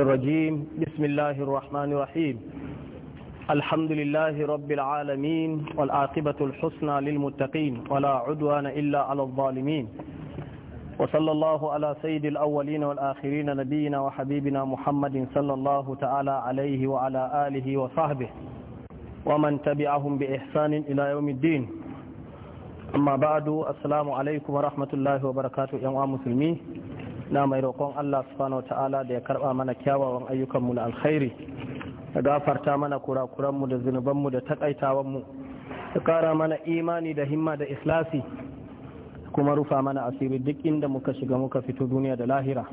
الرجيم بسم الله الرحمن الرحيم الحمد لله رب العالمين والعاقبة الحسنى للمتقين ولا عدوان إلا على الظالمين وصلى الله على سيد الأولين والآخرين نبينا وحبيبنا محمد صلى الله تعالى عليه وعلى آله وصحبه ومن تبعهم بإحسان إلى يوم الدين أما بعد السلام عليكم ورحمة الله وبركاته يا مسلمين na mai roƙon Allah subhanahu ta'ala da ya karɓa mana kyawawan ayyukan mu na alkhairi da gafarta mana mu da zunubanmu da takaitawanmu da ƙara mana imani da himma da ikhlasi kuma rufa mana asiri duk inda muka shiga muka fito duniya da lahira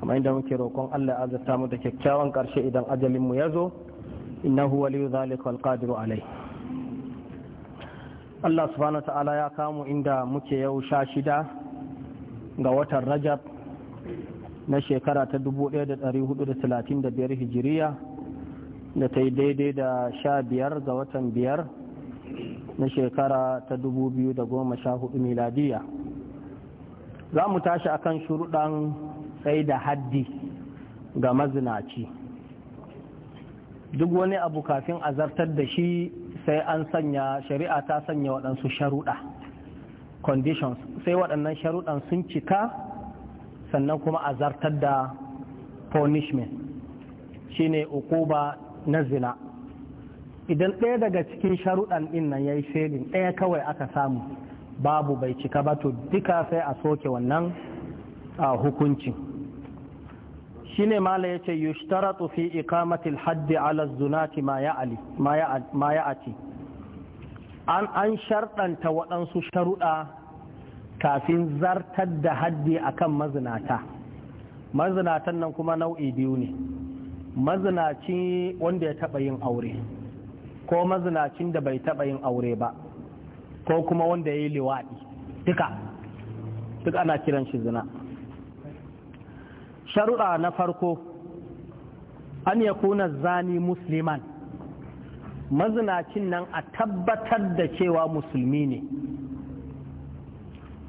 kamar inda muke roƙon Allah ya azurta mu da kyakkyawan ƙarshe idan ajalin mu ya zo innahu waliyu zalika wal alai Allah subhanahu ta'ala ya mu inda muke yau sha shida ga watan Rajab na shekara ta 1435 hijiriya da ta yi daidai da sha biyar ga watan biyar na shekara ta 2014 miladiya za mu tashi a kan shuruɗan tsaye da haddi ga mazinaci duk wani abu kafin a zartar da shi sai an sanya shari'a ta sanya waɗansu sharuɗa conditions sai waɗannan sharuɗan sun cika sannan kuma a zartar da punishment shine ukuba na zina idan ɗaya daga cikin sharuɗan ɗin nan ya yi failing ɗaya kawai aka samu babu bai cika ba to duka sai a soke wannan a hukunci shine mala yace yushtaratu fi iqamati al-hadd ala az-zunati ma ya ma ya'ati an an sharɗanta waɗansu sharuɗa kafin zartar da haddi kan mazinata mazinatan nan kuma nau'i biyu ne mazinaci wanda ya taɓa yin aure ko mazinacin da bai taɓa yin aure ba ko kuma wanda ya yi liwaɗi duka duk ana kiran shi zina sharuɗa na farko an ya kuna zani musliman mazinacin nan a tabbatar da cewa musulmi ne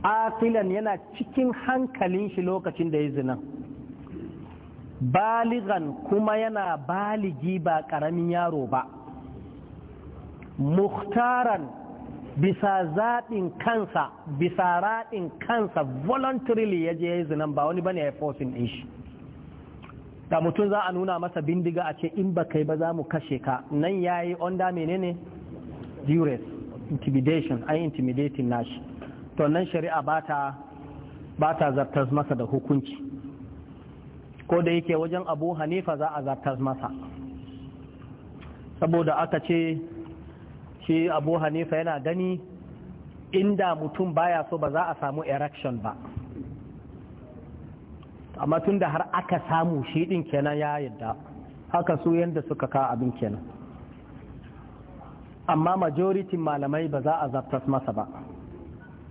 aqilan yana cikin hankalin shi lokacin da ya zina baligan kuma yana baligi ba ƙaramin yaro ba muhtaran bisa zaɓin kansa bisa raɗin kansa voluntarily ya je ya yi zinan ba wani bane ya forcing ɗin shi da mutum za a nuna masa bindiga a ce in ba kai ba za mu kashe ka nan ya yi onda menene duress intimidation ai intimidating nashi to nan shari'a ba ta zartas masa da hukunci ko da yake wajen abu hanifa za a zartas masa saboda aka ce shi abu hanifa yana gani inda mutum baya so ba za a samu erection ba amma tun da har aka samu shi din kenan ya yadda haka su yadda suka ka abin kenan amma majoritin malamai ba za a zartas masa ba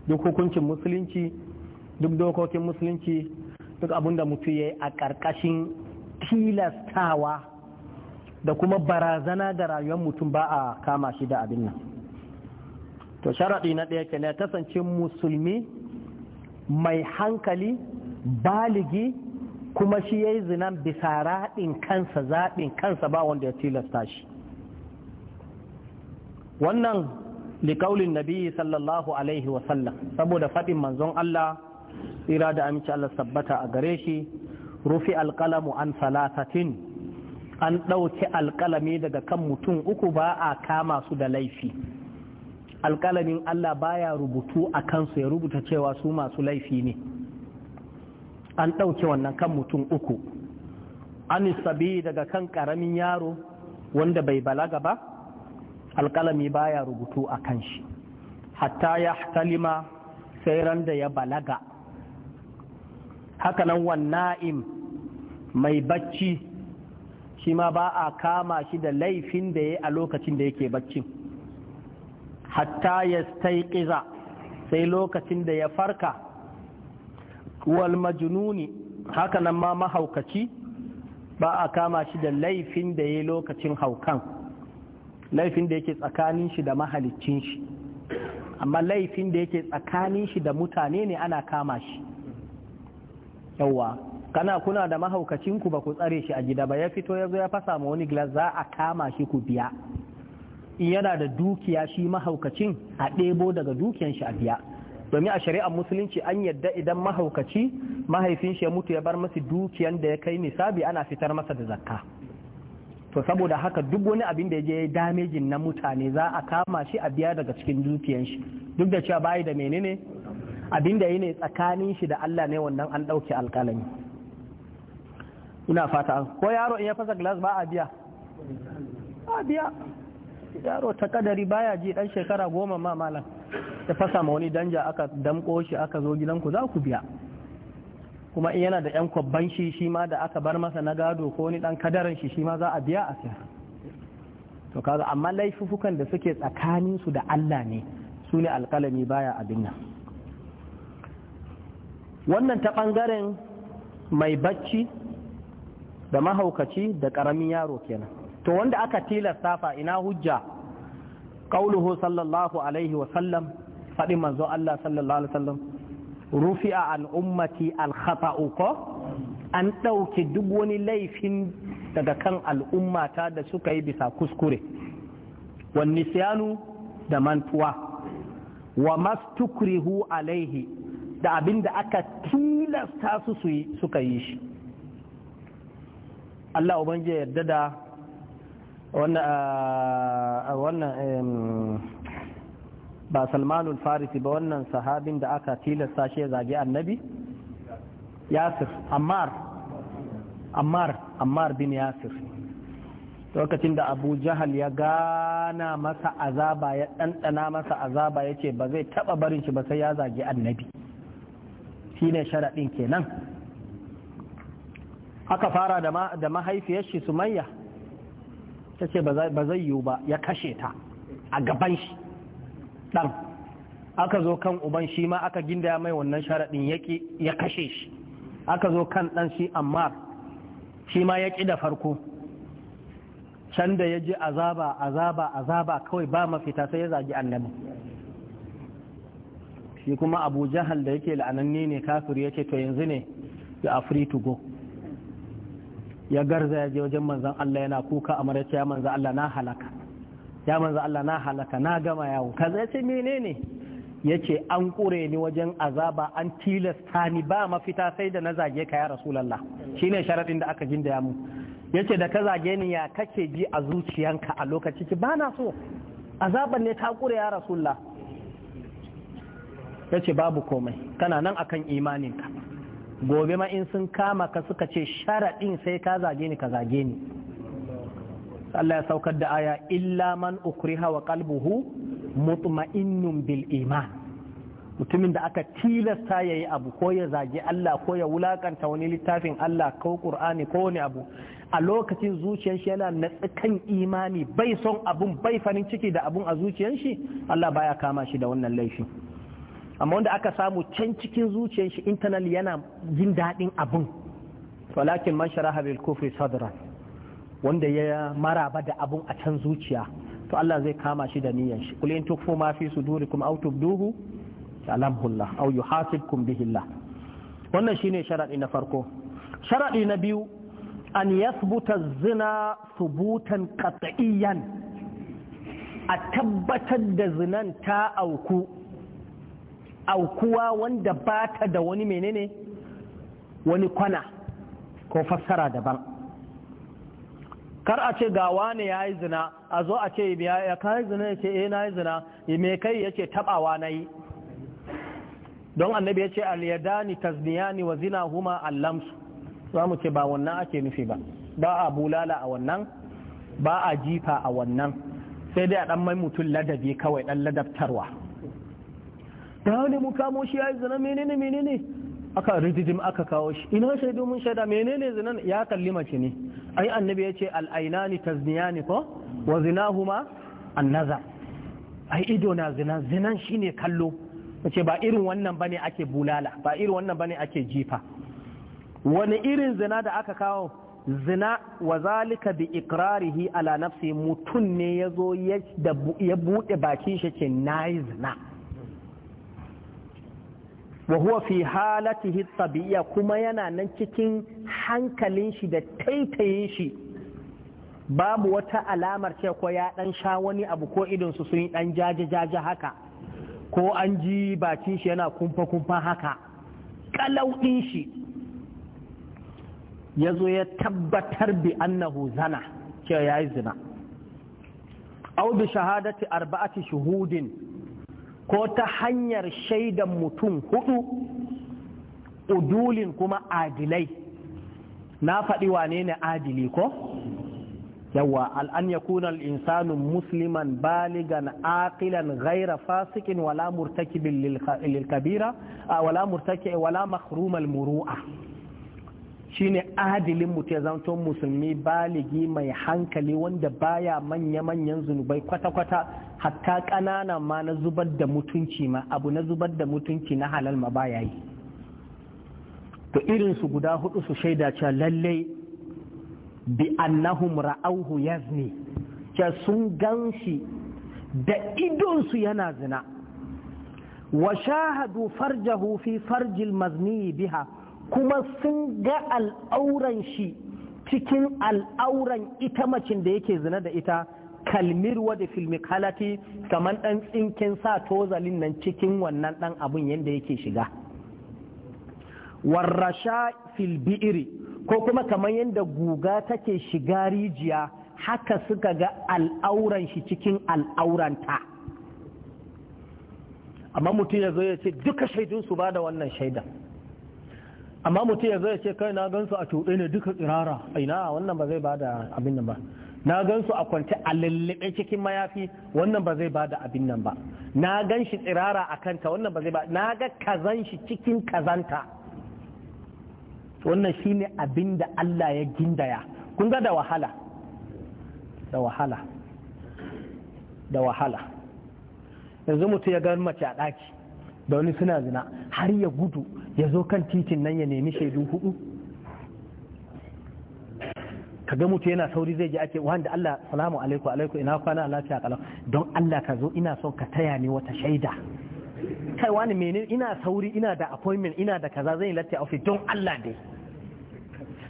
duk hukuncin musulunci duk dokokin musulunci duk abin da mutum ya yi a ƙarƙashin tilastawa da kuma barazana ga rayuwar mutum ba a kama shi da abin nan to sharaɗi na ɗaya ke ya kasance musulmi mai hankali baligi kuma shi ya yi zinan bisa raɗin kansa zaɓin kansa ba wanda ya tilasta shi wannan liƙaulin nabi sallallahu alaihi wasallam saboda faɗin manzon Allah tsira da aminci Allah sabbata a gare shi rufi alƙalamu an salasatin an ɗauki alƙalami daga kan mutum uku ba a kama su da laifi alƙalamin Allah baya rubutu a kansu ya rubuta cewa su masu laifi ne an ɗauke wannan kan mutum uku an sabi daga kan ƙaramin yaro wanda bai balaga ba alƙalami baya rubutu a kan shi hatta ya talima sai ran da ya balaga hakanan Na'im mai bacci shi ma ba a kama shi da laifin da ya a lokacin da yake baccin hatta ya staiƙiza sai lokacin da ya farka wal majununi hakanan ma mahaukaci ba a kama shi da laifin da ya lokacin haukan laifin da yake tsakanin shi da mahalicin shi amma laifin da yake tsakanin shi da mutane ne ana kama shi yawa kana kuna da mahaukacin ku ba ku tsare shi a gida ba ya fito ya zo ya fasa ma wani glass za a kama shi ku biya in yana da dukiya shi mahaukacin a ɗebo daga dukiyan shi a biya domin a shari'ar musulunci an yadda idan mahaukaci mahaifin shi ya mutu ya bar masa dukiyan da ya kai nisabi ana fitar masa da zakka to saboda haka duk wani abin da ya je damejin na mutane za a kama shi a biya daga cikin dukiyan shi duk da cewa bayi da menene abin da ne tsakanin shi da Allah ne wannan an ɗauki alƙalami ina fata ko yaro in ya fasa glass ba a biya a biya yaro ta kadari baya ji dan shekara goma ma malam ya fasa ma wani danja aka damko shi aka zo gidanku za ku biya kuma in yana da yan kwabban shi shi ma da aka bar masa na gado ko ni dan kadaran shi shi ma za a biya a sayar to kaga amma laifufukan da suke tsakanin su da Allah ne su ne alkalami baya abin nan wannan ta ɓangaren mai bacci da mahaukaci da karamin yaro kenan to wanda aka tilasta fa ina hujja qauluhu sallallahu alaihi wa sallam faɗin manzo Allah sallallahu alaihi wa sallam Rufi a al'ummati al an ɗauki duk wani laifin daga kan al'ummata da suka yi bisa kuskure wani siyanu da mantuwa wa mastukrihu alaihi da abin da aka tilasta su su yi suka yi shi Allah ubangiji yarda da wannan eh, ba salmanul farisi ba wannan sahabin da aka tilasta shi ya zage annabi yasir ammar ammar ammar bin yasir lokacin da abu jahal ya gana masa azaba ya ɗanɗana masa azaba ya ce ba zai taɓa barin shi ba sai ya zage annabi shi ne sharaɗin kenan aka fara da mahaifiyar shi sumayya ta ce ba zai yiwu ba ya kashe ta a gaban shi ɗan aka zo kan uban shi ma aka gindaya mai wannan sharaɗin ya kashe shi aka zo kan ɗan shi amma shi ma ya ƙi da farko can da ya ji azaba azaba azaba kawai ba mafita sai ya zagi annabi shi kuma abu jahal da yake la'ananne ne kafir yake to yanzu ne ya a free to go ya garza ya je wajen manzan Allah yana kuka a marace ya manzan Allah na halaka ya manzo Allah na halaka na gama yawo kaza ya ce menene ya ce an kure ni wajen azaba an tilasta ni ba mafita sai da na zage ka ya rasulallah ne sharaɗin da aka gindaya mu ya ce da ka zage ni ya kake ji a zuciyanka a lokaci ki ba na so azaban ne ta ƙure ya rasulallah ya ce babu komai kana nan akan imaninka gobe ma in sun kama ka suka ce sharaɗin sai ka zage ni ka zage ni Allah ya saukar da aya illa man ukriha wa qalbuhu mutma'innun bil iman mutumin da aka tilasta ya yi abu ko ya zage Allah ko ya wulakanta wani littafin Allah ko Qur'ani ko wani abu a lokacin zuciyar shi yana na tsakan imani bai son abun bai farin ciki da abun a zuciyar shi Allah baya kama shi da wannan laifi amma wanda aka samu can cikin zuciyar shi internal yana jin daɗin abun walakin man sharaha bil kufri sadran wanda ya maraba da abun a can zuciya to Allah zai kama shi da niyya shi kul in tukfu ma fi sudurikum aw tubduhu alamhullah aw yuhasibkum bihillah wannan shine sharadi na farko sharadi na biyu an yathbuta zina subutan qat'iyan a tabbatar da zinan ta auku aukuwa wanda bata da wani menene wani kwana ko fassara daban kar a ce ga wane ya yi zina a zo a ce ya kayi zina ya ce eh na yi zina ya me kai ya ce tabawa na yi don annabi ya ce alyadani tasniyani wa zina huma allamsu za mu ce ba wannan ake nufi ba ba a bulala a wannan ba a jifa a wannan sai dai a dan mai mutum ladabi kawai dan ladabtarwa da wani mu kamo shi ya yi zina menene menene aka rijijim aka kawo shi ina shaidu mun shaida menene zinan ya kalli mace ne ai annabi ya ce al'ainani tazniyani ko wa zinahuma annaza ai ido na zinan zinan shine kallo ce ba irin wannan bane ake bulala ba irin wannan bane ake jifa wani irin zina da aka kawo zina wa zalika bi iqrarihi ala nafsi mutun ne yazo ya bude bakin shi ce nayi zina wa huwa fi halatihi tabi'iyya kuma yana nan cikin hankalin shi da taitayin shi babu wata alamar ce ko ya dan sha wani abu ko idan su sun yi dan jaje jaje haka ko an ji bakin shi yana kumfa kumfa haka kalau din shi yazo ya tabbatar bi annahu zana cewa yayi zina aw bi shahadati arba'ati shuhudin ko ta hanyar shaidan mutum hudu udulin kuma adilai na faɗi wane ne adili ko yawa al'an ya kuna al'insanu musliman baligan aqilan gaira fasikin wala murtakibin a wala murtaki wala makhrumal muru'a shine adilin mutum ya zanto musulmi baligi mai hankali wanda baya manya-manyan zunubai kwata-kwata hatta ƙananan ma na zubar da mutunci ma abu na zubar da mutunci na halal ma baya yi to irinsu guda hudu su shaida cewa lalle bi annahum ra'auhu yazni cewa sun ganshi da idonsu yana zina wa shahadu farjahu fi farjil mazni biha kuma sun ga al'auran shi cikin al'auran ita macin da yake zina da ita kalmir wadda filmi halati kamar ɗan tsinkin sa tozalin nan cikin wannan ɗan abun yadda yake shiga warrasha filbi'iri ko kuma kamar yadda guga take shiga rijiya haka suka ga al'auran shi cikin al'auranta amma mutum ya zo ya ce duka shaidun su ba da wannan shaidan amma mutum ya zo ya ce kai na gansu a cuɗe ne duka tsirara ina wannan ba zai ba da abin nan ba na gan su a kwance a lallabe cikin mayafi wannan ba zai bada abin nan ba na gan shi tsirara a kanta wannan ba zai ba na ga kazan shi cikin kazanta wannan shine abin da Allah ya gindaya kun ga da wahala da wahala da wahala yanzu mutum ya gan mace a ɗaki da wani suna zina har ya gudu ya zo kan titin nan ya nemi shaidu hudu ka ga mutu yana sauri zai je ake wanda Allah salamu alaikum alaikum ina kwana lafiya kalau don Allah ka zo ina son ka taya ni wata shaida kai wani mene ina sauri ina da appointment ina da kaza zan yi latte office don Allah dai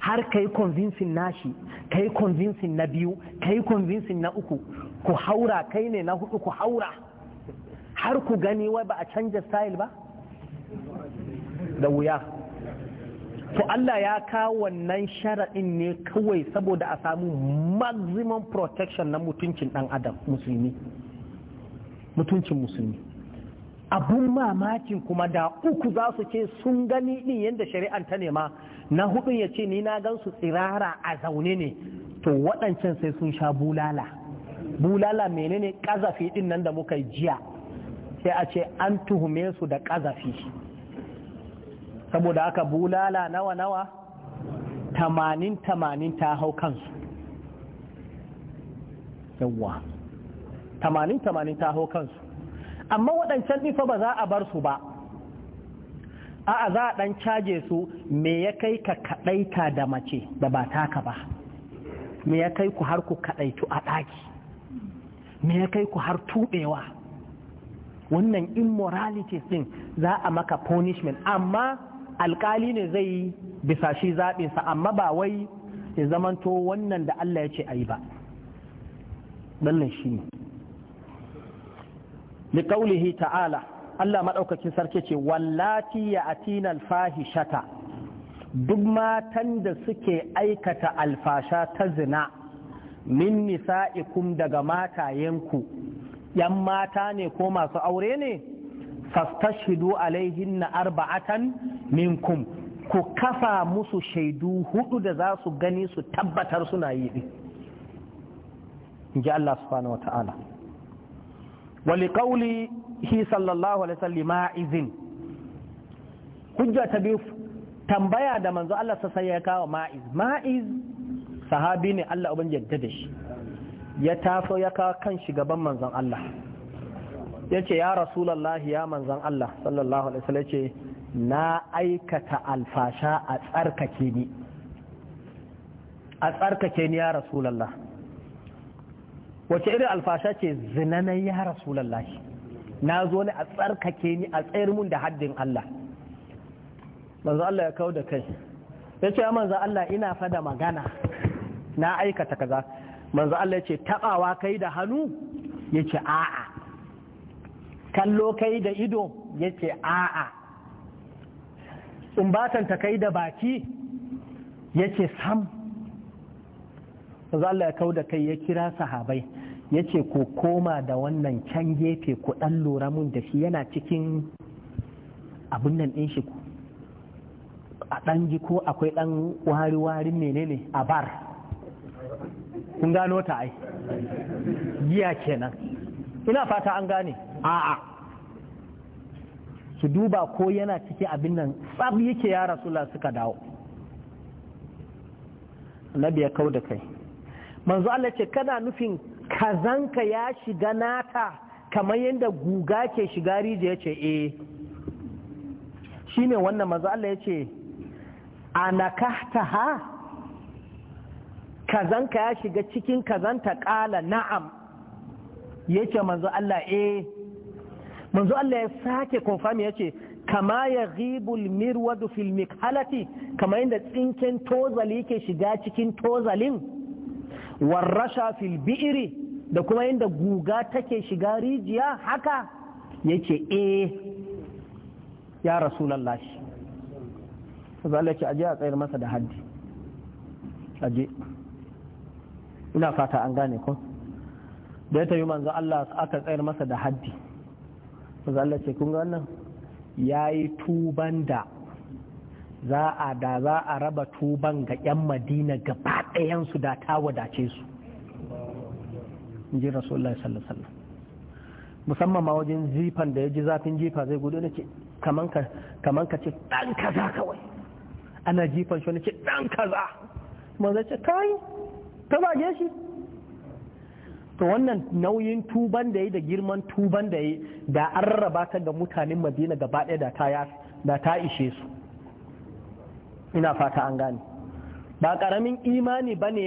har kai convincing nashi kai convincing na biyu kai convincing na uku ku haura kai ne na hudu ku haura har ku gani wai ba a canja style ba da wuya to Allah ya kawo wannan shara'in ne kawai saboda a samu maximum protection na mutuncin ɗan adam musulmi mutuncin musulmi abun mamakin kuma da uku za su ce sun gani ɗin yadda shari'an ta nema na hudun ya ce ni na gan su tsirara a zaune ne to waɗancan sai sun sha bulala bulala menene ƙazafi din nan da muka yi jiya sai a ce an tuhume su da ƙazafi saboda aka bulala nawa nawa tamanin tamanin ta hau kansu yawwa tamanin tamanin ta hau kansu amma waɗancan ɗifa ba za a bar su ba a'a za a ɗan caje su me ya kai ka kaɗaita da mace da ba taka ba me ya kai ku har ku kaɗaitu a ɗaki me ya kai ku har tuɓewa wannan immorality ɗin za a maka punishment amma alkali ne zai yi bisa shi zaɓinsa amma ba wai ya zamanto wannan da Allah ya ce a yi ba wannan shi ne ƙaulihi ta'ala Allah maɗaukakin sarki ce wallati ya atina alfahishata duk matan da suke aikata alfasha ta zina min nisa'ikum daga matayenku ‘yan mata ne ko masu aure ne’ fastashhidu alaihinna arba'atan minkum ku kafa musu shaidu hudu da za su gani su tabbatar suna yi din inji Allah subhanahu wa ta'ala wa liqaulihi sallallahu alaihi wasallam ma'izin hujja ta biyu tambaya da manzo Allah sa sai ya kawo ma'iz ma'iz sahabi ne Allah uban yadda da shi ya taso ya kawo kan shi gaban manzon Allah ya ce ya rasulallahi ya manzan Allah sallallahu alaihi wasallam ce na aikata alfasha a tsarkake ni a tsarkake ni ya rasulallah wace irin alfasha ce zinanai ya rasulallahi na zo ne a tsarkake ni a tsayar mun da haddin Allah manzan Allah ya kawo da kai ya ce manzan Allah ina fada magana na aikata kaza manzan Allah ya ce taɓawa kai da hannu ya ce a'a kallo kai da ido yake a'a umbatanta kai da baki yake sam Allah ya kau da kai ya kira sahabai ya ce ku koma da wannan can gefe ku ɗan lura mun da shi yana cikin abin nan ɗin shi ku a ɗan ji ko akwai ɗan wari wari menene a bar kun gano ta ai giya kenan ina fata an gane a'a su duba ko yana ciki abin nan tsab yake ya rasula suka dawo annabi ya kau da kai manzo Allah ce kana nufin kazanka ya shiga nata kamar yadda guga ke shiga rijiya ya ce eh shine wannan manzo Allah ya ce anakahta ha kazanka ya shiga cikin kazanta kala na'am yace manzo Allah eh manzo Allah ya sake confirm ya ce kama ya ghibul mirwadu fil mikhalati kama yadda tsinken tozali ke shiga cikin tozalin warrasha fil bi'ri da kuma yadda guga take shiga rijiya haka yace eh ya rasulullahi shi Allah ce a tsayar masa da haddi aje ina fata an gane ko da ya tayi manzo Allah aka tsayar masa da haddi maza Allah ce kunga wannan ya yi tuban da za a da za a raba tuban ga 'yan madina gaba ɗayansu da ta wadace su ji sallallahu alaihi musamman ma wajen jifan da ya ji zafin jifa zai gudu na ce kaman ka ce ɗan kaza kawai ana jifan shi wani ce ɗan kaza zai ce kai ta zage shi to wannan nauyin tuban da yi da girman tuban da yi da an raba ta ga mutanen madina gaba ɗaya da ta ishe su ina fata an gane ba ƙaramin imani ba ne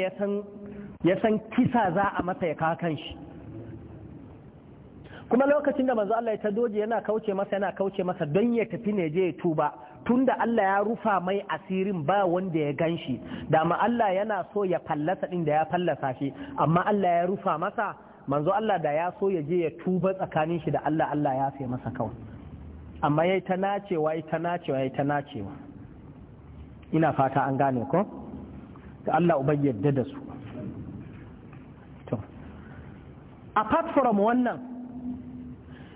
ya san kisa za a masa ya kan shi kuma lokacin da manzo Allah ya ta doje yana kauce masa yana kauce masa don ya tafi ne je ya tuba tunda Allah ya rufa mai asirin ba wanda ya gan shi ma Allah yana so ya fallasa ɗin da ya fallasa shi amma Allah ya rufa masa manzo Allah da ya so ya je ya tuba tsakanin shi da Allah Allah ya fi masa kawai amma yai ta nacewa yai ta nacewa yai ta nacewa ina fata an gane ko da Allah uban yadda da su to apart from wannan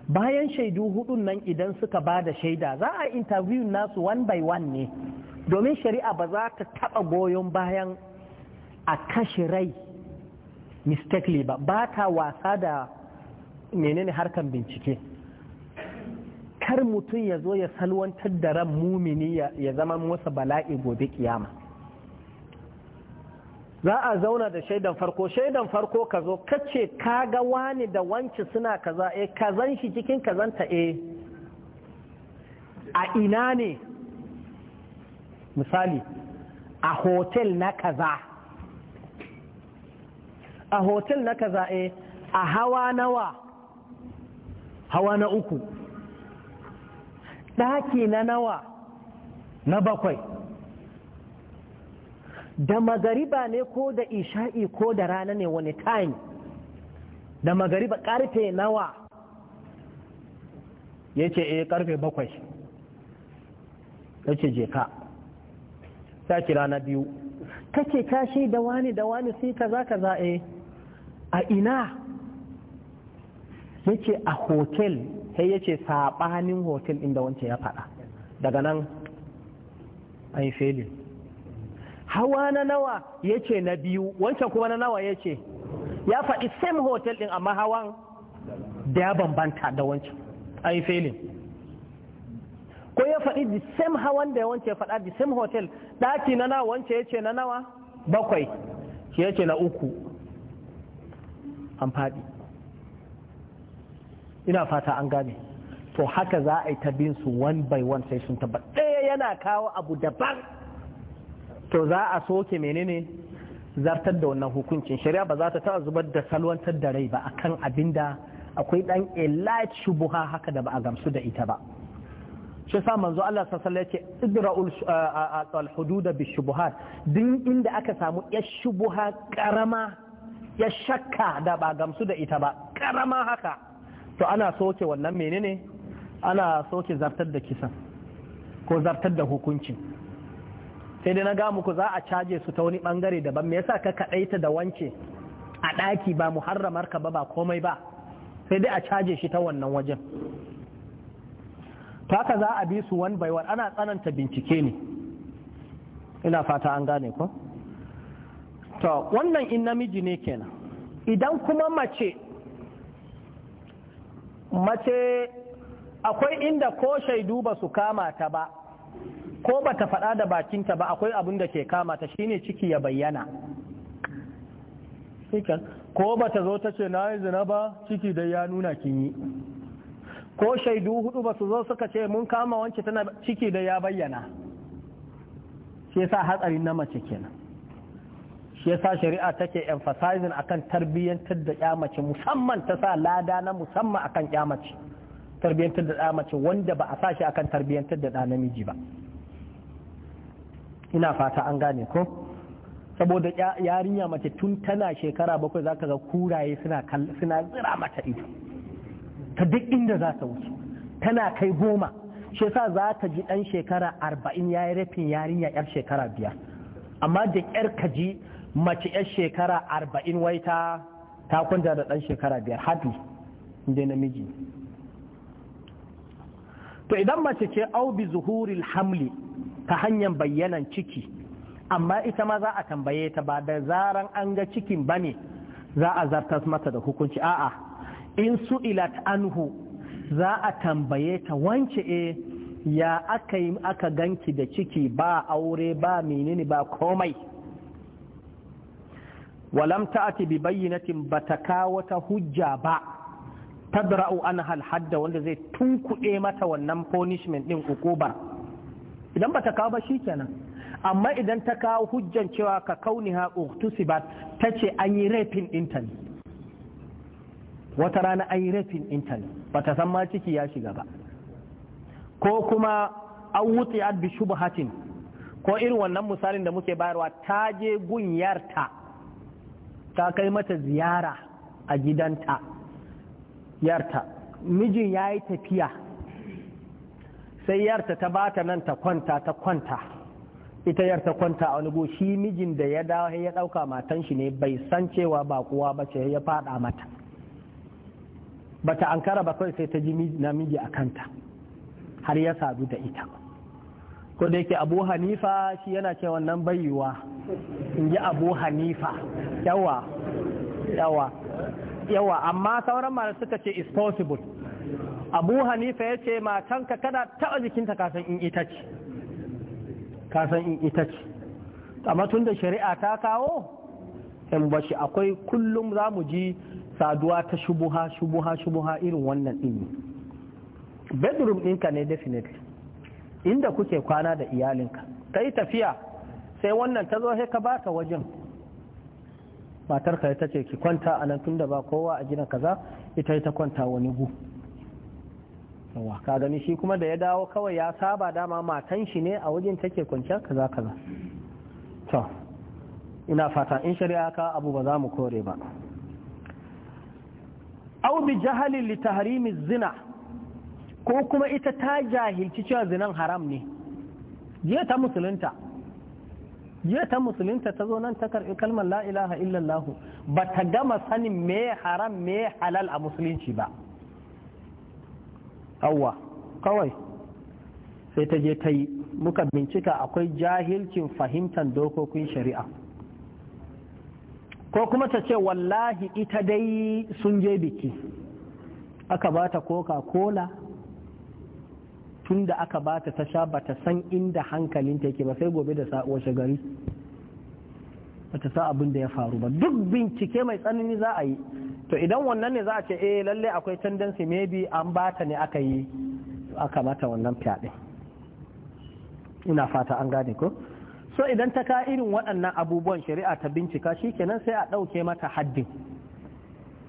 bayan shaidu hudun nan idan suka ba da shaida za a interview nasu one by one ne domin shari'a ba za ta taba goyon bayan a kashe rai mistakli ba ba ta wasa da menene harkan bincike kar mutum ya zo ya salwantar da ran mumini ya zama masa bala'i gobe kiyama za a zauna da shaidan farko shaidan farko ka zo kace ka ga wani da wanci suna kaza eh kazan shi cikin kazanta eh a ina ne misali a hotel na kaza a hotel na kaza eh a hawa nawa hawa na uku ɗaki na nawa na bakwai da magariba ne ko da isha'i ko da rana ne wani time da magariba karfe nawa ya ce eh karfe bakwai ya ce je ka ta kira na biyu Ka ce kashi da wani da wani sai kaza kaza eh a ina ya ce a hotel sai ya ce saɓanin hotel inda wancan ya faɗa daga nan an yi felin hawa na nawa ya ce na biyu wancan kuma na nawa ya ce ya faɗi same hotel ɗin amma hawan da ya bambanta da wancan ayi yi felin ko ya faɗi the same hawan da wancan ya faɗa the same hotel ɗaki na nawa wancan ya ce na nawa bakwai ya ce na uku an faɗi ina fata an gane to haka za a yi ta bin su one by one sai sun tabbata ɗaya yana kawo abu daban to za a soke menene zartar da wannan hukuncin shari'a ba za ta taɓa zubar da salwantar da rai ba akan abin da akwai ɗan light shubuha haka da ba a gamsu da ita ba shi sa manzo Allah sallallahu alaihi wasallam yake al hududa bi shubuhat din inda aka samu ya shubuha karama ya shakka da ba gamsu da ita ba karama haka to ana soke wannan menene ana soke zartar da kisan ko zartar da hukuncin sai dai na ga muku za a caje su ta wani bangare daban me yasa ka ta da wanke a daki ba muharramar ka ba ba komai ba sai dai a caje shi ta wannan wajen to haka za a bi su wani baiwar ana tsananta bincike ne ina fata an gane ko to wannan in namiji ne kenan idan kuma mace mace akwai inda ko shaidu ba su kama ta ba ko ba ta faɗa da bakinta ba akwai abin da ke kama ta shine ciki ya bayyana ko ba ta zo ta ce na yi zina ba ciki dai ya nuna kin yi ko shaidu hudu ba su zo suka ce mun kama wance tana ciki da ya bayyana shi yasa hatsarin na mace kenan shi yasa shari'a take emphasizing akan tarbiyyantar da ya mace musamman ta sa lada na musamman akan ya mace tarbiyyantar da ya mace wanda ba a sa shi akan tarbiyyantar da ɗa namiji ba ina fata an gane ko saboda yarinya mace tun tana shekara bakwai zaka ga kuraye suna zira mata ido ta duk inda za ta wuce tana kai goma shi yasa za ta ji dan shekara arba'in ya yi rafin yarinya yar shekara biyar amma da yar ka ji mace yar shekara arba'in wai ta ta kwanta da dan shekara biyar hadu inda namiji to idan mace ce au bi zuhuril hamli ta hanyar bayyanan ciki amma ita ma za a tambaye ta ba da zaran an ga cikin ba ne za a zartas mata da hukunci a'a in su Ilat anhu za a tambaye ta wance e ya aka yi aka ganki da ciki ba aure ba menene ba komai walam ta'ati bi bayyinatin bata kawo ta hujja ba tadra'u anha al-hadda wanda zai tunkuɗe mata wannan punishment din ukubar idan ba ta kawo ba shi kenan amma idan ta kawo hujjan cewa ka kauni ha uktusibat ta ce an yi rafin intanet. wata rana an yi rafin intan ba ta san ma ciki ya shiga ba ko kuma an wuce bi shubhatin ko irin wannan misalin da muke bayarwa ta je gunyarta ta kai mata ziyara a gidanta yarta mijin ya yi tafiya sai yarta ta bata nan ta kwanta ta kwanta ita yarta kwanta a wani shi mijin da ya dawo ya dauka matan shi ne bai san cewa ba kuwa ba ce ya faɗa mata bata ankara ba kawai sai ta ji namiji a kanta har ya sadu da ita ko da yake abu hanifa shi yana ce wannan bayuwa in ji abu hanifa yawa yawa yawa amma sauran mara suka ce is possible abu hanifa ya ce matanka kada taɓa jikinta kasan in ita ce kasan in ita ce amma tun da shari'a ta kawo in bashi akwai kullum za mu ji saduwa ta shubuha shubuha shubuha irin wannan ɗin bedroom ɗinka ne definitely inda kuke kwana da iyalinka ta yi tafiya sai wannan ta zo sai ka baka wajen matarka ta ce ki kwanta a nan tun da ba kowa a gina kaza ita ta kwanta wani gu yawa ka gani shi kuma da ya dawo kawai ya saba dama matan shi ne a wajen take kwanciya kaza kaza to ina fata in shari'a ka abu ba za mu kore ba au bi jahalin li tahrimi zina ko kuma ita ta jahilci cewa zinan haram ne jiya ta musulunta jiya ta musulunta ta zo nan ta karɓi kalmar la ilaha ba ta gama sanin me haram me halal a musulunci ba awwa kawai sai ta je ta yi muka bincika akwai jahilcin fahimtar dokokin shari'a ko kuma ta ce wallahi ita dai sun je biki aka ba ta coca-cola tunda aka ba ta ta sha ba ta san inda hankalinta yake ba sai gobe da washe gari ba ta sa abin da ya faru ba duk bincike mai tsanani za a yi to idan wannan ne za a ce eh lalle akwai tendency maybe an bata ne aka yi aka mata wannan fyaɗe ina fata an gane ko so idan ta ka irin waɗannan abubuwan shari'a ta bincika shi kenan sai a ɗauke mata haddin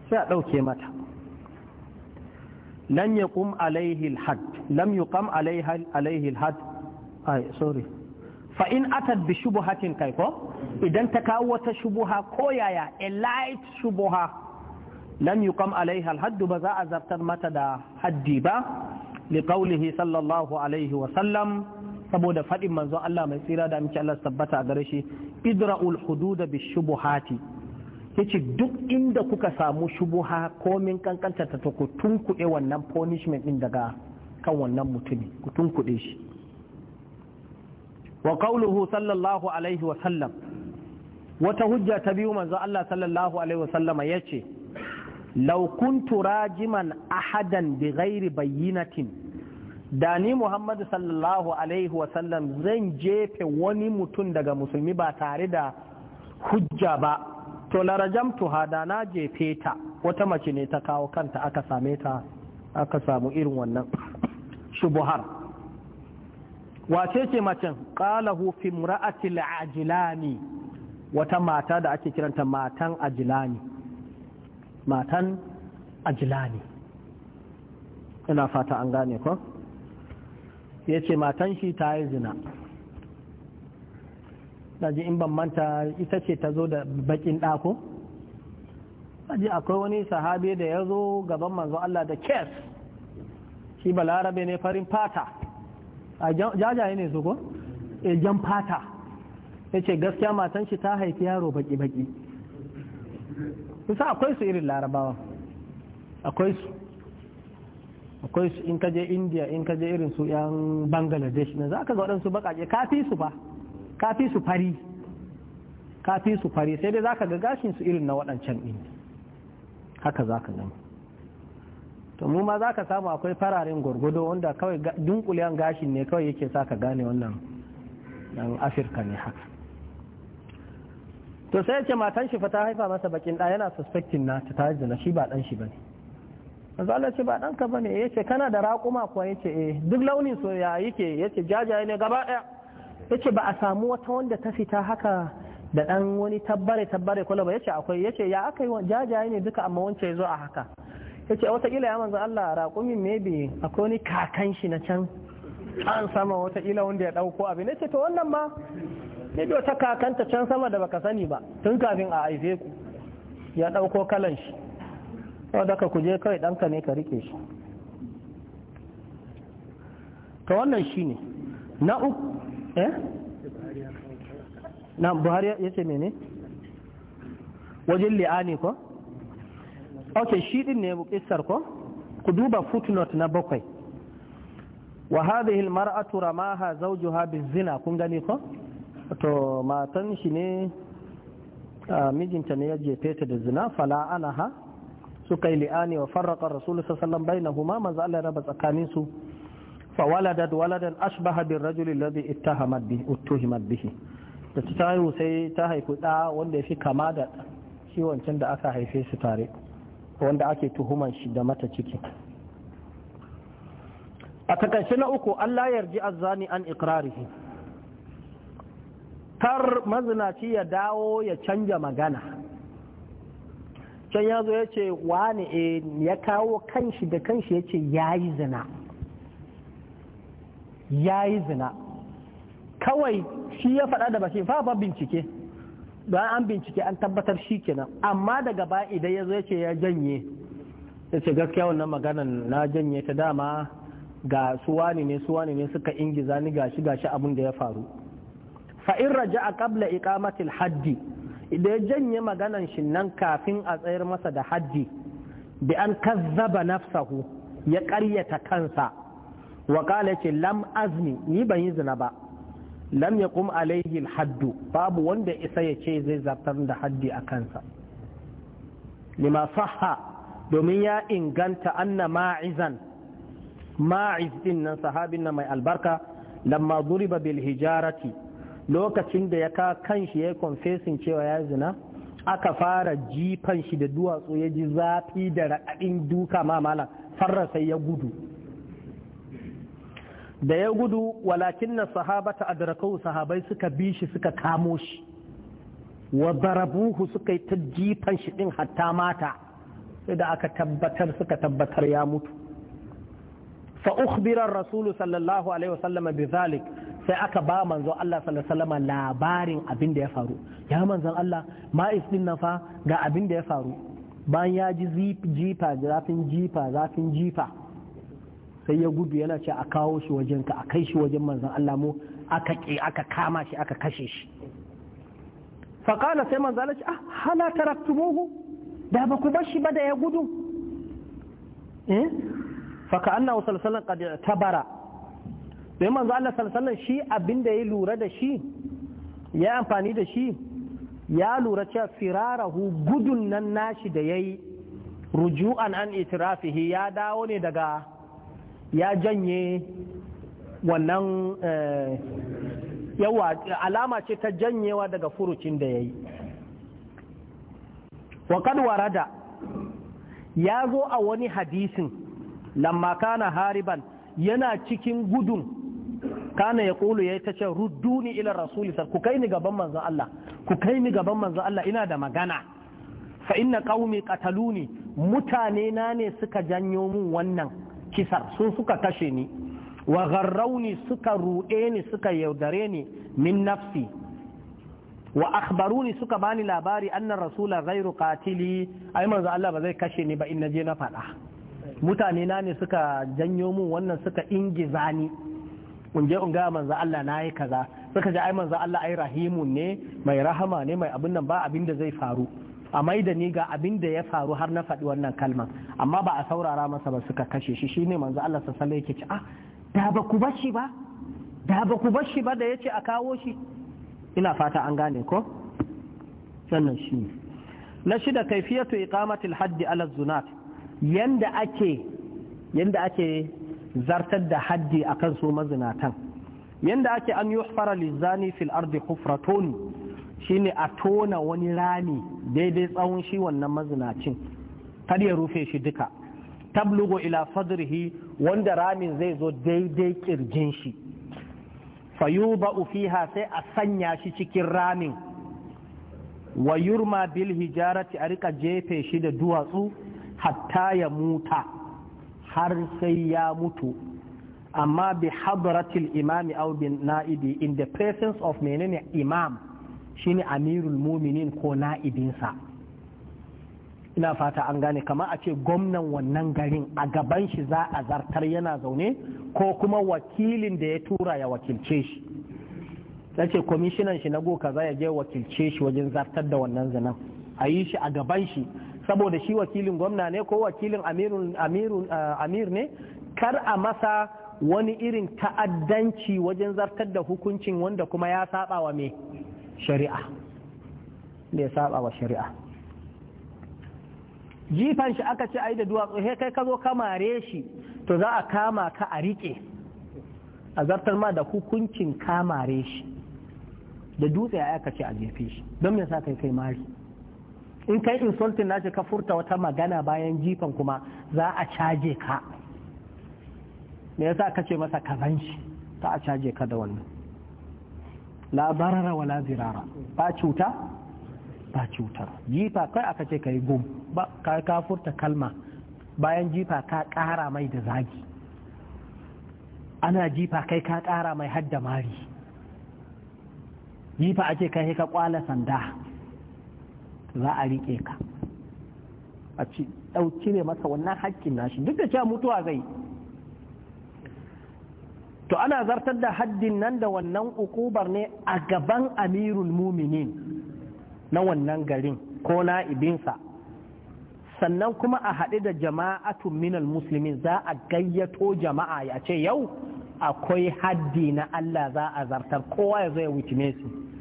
sai a ɗauke mata lam yaqum alaihi alhad lam yuqam alaihi alhad ai sorry fa in atat bi shubuhatin kai ko idan ta kawo wata shubuha ko yaya a light shubuha lam yuqam alaiha alhaddu ba za a zartar mata da haddi ba liqaulihi sallallahu alaihi wa sallam saboda faɗin manzon Allah mai tsira da miki Allah tabbata a gare shi bi shubuhati yace duk inda kuka samu shubuha komin kankanta ta ku tunkuɗe wannan punishment din daga kan wannan mutumi ku tunkuɗe shi wa qauluhu sallallahu alaihi wa sallam wata hujja ta biyu manzon Allah sallallahu alaihi wa sallama yace law kuntu rajiman ahadan bi ghairi bayyinatin da ni Muhammadu sallallahu alaihi wasallam zan jefe wani mutum daga musulmi ba tare da hujja ba to larajamtu hada na jefe ta wata mace ne ta kawo kanta aka same irin wannan shubuhar wace ce macen qalahu fi imra'atil ajilani wata mata da ake kiranta matan ajilani matan ajilani ina fata an gane ko ya matan shi ta yi zina ji in ban manta ita ce ta zo da bakin ɗako ji akwai wani sahabi da ya zo gaban manzo Allah da kes shi balarabe ne farin fata a jajaye ne su ko e jan fata yace gaskiya matan shi ta haifi yaro baki-baki kusa akwai su irin larabawa akwai su akwai su in kaje india in kaje irin su yan bangladesh na za ka ga waɗansu baƙaƙe kafi su ba kafi su fari kafi su fari sai dai za ka ga gashin su irin na waɗancan ɗin haka za ka gani to mu ma za ka samu akwai fararen gwargwado wanda kawai yan gashin ne kawai yake sa ka gane wannan dan afirka ne haka to sai ce matan shi fa ta haifa masa bakin da yana suspecting na ta tarihi da shi ba dan shi bane manzo Allah ce ba dan ka bane yace kana da raƙuma ko yace eh duk launin so ya yake yace jajaye ne gaba daya yace ba a samu wata wanda ta fita haka da dan wani tabbare tabbare kula ba yace akwai yace ya aka jajaye ne duka amma wance ya zo a haka yace kila ya manzo Allah raƙumin maybe akwai wani kakan shi na can an sama kila wanda ya dauko. abin yace to wannan ma sai da wata kakanta can sama da baka sani ba tun kafin a haife ku ya ɗauko kalan shi saboda ku je kawai ɗanka ne ka rike shi ta wannan shi ne na uku eh na buhari ya ce mene wajen li'ani ko ok shi din ne bukisar ko ku duba footnote na bakwai wa hadhihi almar'atu ramaha zawjuha bizina kun gani ko to matan shi ne mijinta ne ya jefe ta da zina fala ana ha suka yi li'ani wa farraka rasulun sassalan bai na huma maza Allah raba tsakanin su fa waladad waladan ashbaha bin rajulin ladhi ittahamat bi bihi da ta haihu sai ta haifi da wanda ya fi kama da shi wancan da aka haife su tare wanda ake tuhuman shi da mata ciki a takaice na uku Allah yarji azzani an ikrarihi kar mazinaci ya dawo ya canja magana can ya zo ya ce wani e eh, ya kawo kanshi da kanshi ya ce ya yi zina ya yi zina kawai shi ya faɗa da bashi fa ba bincike don an bincike an tabbatar shi kenan amma daga ba idan ya zo ya ce ya janye ya ce gaskiya wannan maganan na janye ta dama ga suwani ne suwani ne suka ingiza ni gashi gashi abin da ya faru fa in raja'a qabla iqamatil haddi idan ya janye maganan shi nan kafin a tsayar masa da haddi bi an kazzaba nafsahu ya ƙaryata kansa wa ce lam azmi ni ban yi zina ba lam kuma alaihi alhaddu babu wanda isa ya ce zai zartar da haddi a kansa lima domin ya inganta anna ma'izan ma'iz din nan sahabin nan mai albarka lamma duriba bil hijarati lokacin da ya ka kanshi ya confessing cewa ya zina aka fara jifan shi da duwatsu ya ji zafi da raɗaɗin duka ma malam farra sai ya gudu da ya gudu walakin na sahabata adrakau sahabai suka bi shi suka kamo shi wa barabuhu suka yi ta jifan shi ɗin hatta mata sai da aka tabbatar suka tabbatar ya mutu fa ukhbira rasulu sallallahu alaihi wasallama bi zalik sai aka ba manzon Allah sallallahu alaihi wasallam labarin abin da ya faru ya manzon Allah ma'is din nan fa ga abin da ya faru bayan ya ji jifa zafin jifa zafin jifa sai ya gudu yana ce a kawo shi wajen ka a kai shi wajen manzon Allah mu aka ke aka kama shi aka kashe shi faqala sai manzon Allah ce ah hala taraktumuhu da ba ku bar shi ba da ya gudu eh fa ka annahu sallallahu alaihi wasallam qad tabara sai manzo Allah sallallahu shi abinda ya lura da shi ya amfani da shi ya lura cewa firarahu gudun nan nashi da yayi ruju'an an itirafihi ya dawo ne daga ya janye wannan eh, yawa alama ce ta janyewa daga furucin da yayi wa kad warada ya zo a wani hadisin lamma kana hariban yana cikin gudun kana ya kulu ya ta ce rudduni ila rasuli ku kai ni gaban manzo Allah ku kai ni gaban manzo Allah ina da magana fa inna qaumi qataluni mutane na ne suka janyo mun wannan kisar sun suka kashe ni wa gharrauni suka ruɗe ni suka yaudare ni min nafsi wa akhbaruni suka bani labari annan rasula ghairu qatili ai manzo Allah ba zai kashe ni ba in naje na faɗa mutane na ne suka janyo mun wannan suka ingiza ni mun je in ga manzo Allah na yi kaza suka ji ai manzo Allah ai rahimun ne mai rahama ne mai abin nan ba abin da zai faru a mai da ni ga abin da ya faru har na faɗi wannan kalma, amma ba a saurara masa ba suka kashe shi shine manzo Allah sallallahu alaihi yake ce ah da ba ku bashi ba da ba ku bashi ba da yace a kawo shi ina fata an gane ko sannan shi na shida kaifiyatu iqamati al-hadd ala zunat yanda ake yanda ake zartar da haddi a kan su mazinatan yadda ake an fara lizani fil ardi shi ne a tona wani rami daidai tsawon shi wannan mazinacin kar ya rufe shi duka tablugo ila sadrihi wanda ramin zai zo daidai kirjin shi fayuba ufiha sai a sanya shi cikin ramin wa yurma bil hijarati a rika jefe shi da duwatsu hatta ya muta har sai ya mutu amma bi hadratil imami aw bin na'ibi in the presence of menene imam shine amirul muminin ko na'ibinsa ina fata an gane kamar a ce gwamnan wannan garin a gaban shi za a zartar yana zaune ko kuma wakilin da ya tura ya wakilce shi ta ce kwamishinan shi na goka za ya je wakilce shi wajen zartar da wannan zanen a yi shi a gaban shi saboda shi wakilin gwamna ne ko wakilin amir ne kar a masa wani irin ta'addanci wajen zartar da hukuncin wanda kuma ya saba wa me shari'a da ya saba wa shari'a jifan shi aka ce ai da duwatsu he kai ka zo kamare shi to za a kama ka a riƙe a zartar ma da hukuncin kamare shi da dutse ya aka ce a jefe shi don me sa kai kai mari in kai insultin nace ka furta wata magana bayan jifan kuma za a caje ka me yasa ka ce masa kazan shi ta a caje ka da wannan la barara wala zirara ba cuta ba cutar jifa kai aka ce kai gum ba ka furta kalma bayan jifa ka kara mai da zagi ana jifa kai ka kara mai hadda mari jifa ake kai ka kwala sanda za a riƙe ka a ci ɗauki ne masa wannan haƙƙin nashi duk da cewa mutuwa zai to ana zartar da haddin nan da wannan ukubar ne a gaban amirul muminin na wannan garin ko na ibinsa sannan kuma a haɗe da jama'atun minal musulmin za a gayyato jama'a ya ce yau akwai haddi na Allah za a zartar kowa ya zai wuce su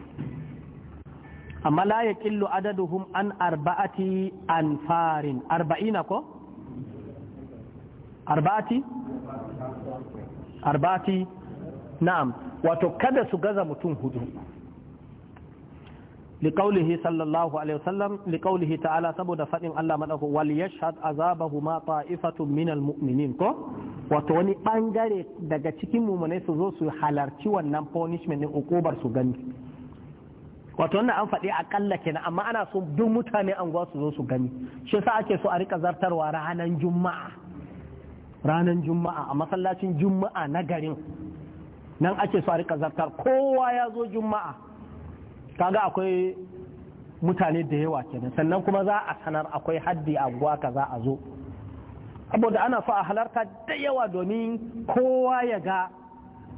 amma la ya killu adaduhum an arba'ati anfarin arba'ina ko arba'ati arba'ati na'am wato kada su gaza mutum hudu liqaulihi sallallahu alaihi wasallam liqaulihi ta'ala saboda faɗin Allah madaku wal yashhad azabahuma ta'ifatun minal mu'minin ko wato wani ɓangare daga cikin mumunai su zo su halarci wannan punishment din ukubar su gani wato wannan an faɗi akalla kenan amma ana so duk mutane anguwa su zo su gani shi sa ake so a rika zartarwa ranar juma'a ranar juma'a a masallacin juma'a na garin nan ake so a rika zartar kowa ya zo juma'a kaga akwai mutane da yawa kenan sannan kuma za a sanar akwai haddi anguwa ka za a zo saboda ana so a halarta da yawa domin kowa ya ga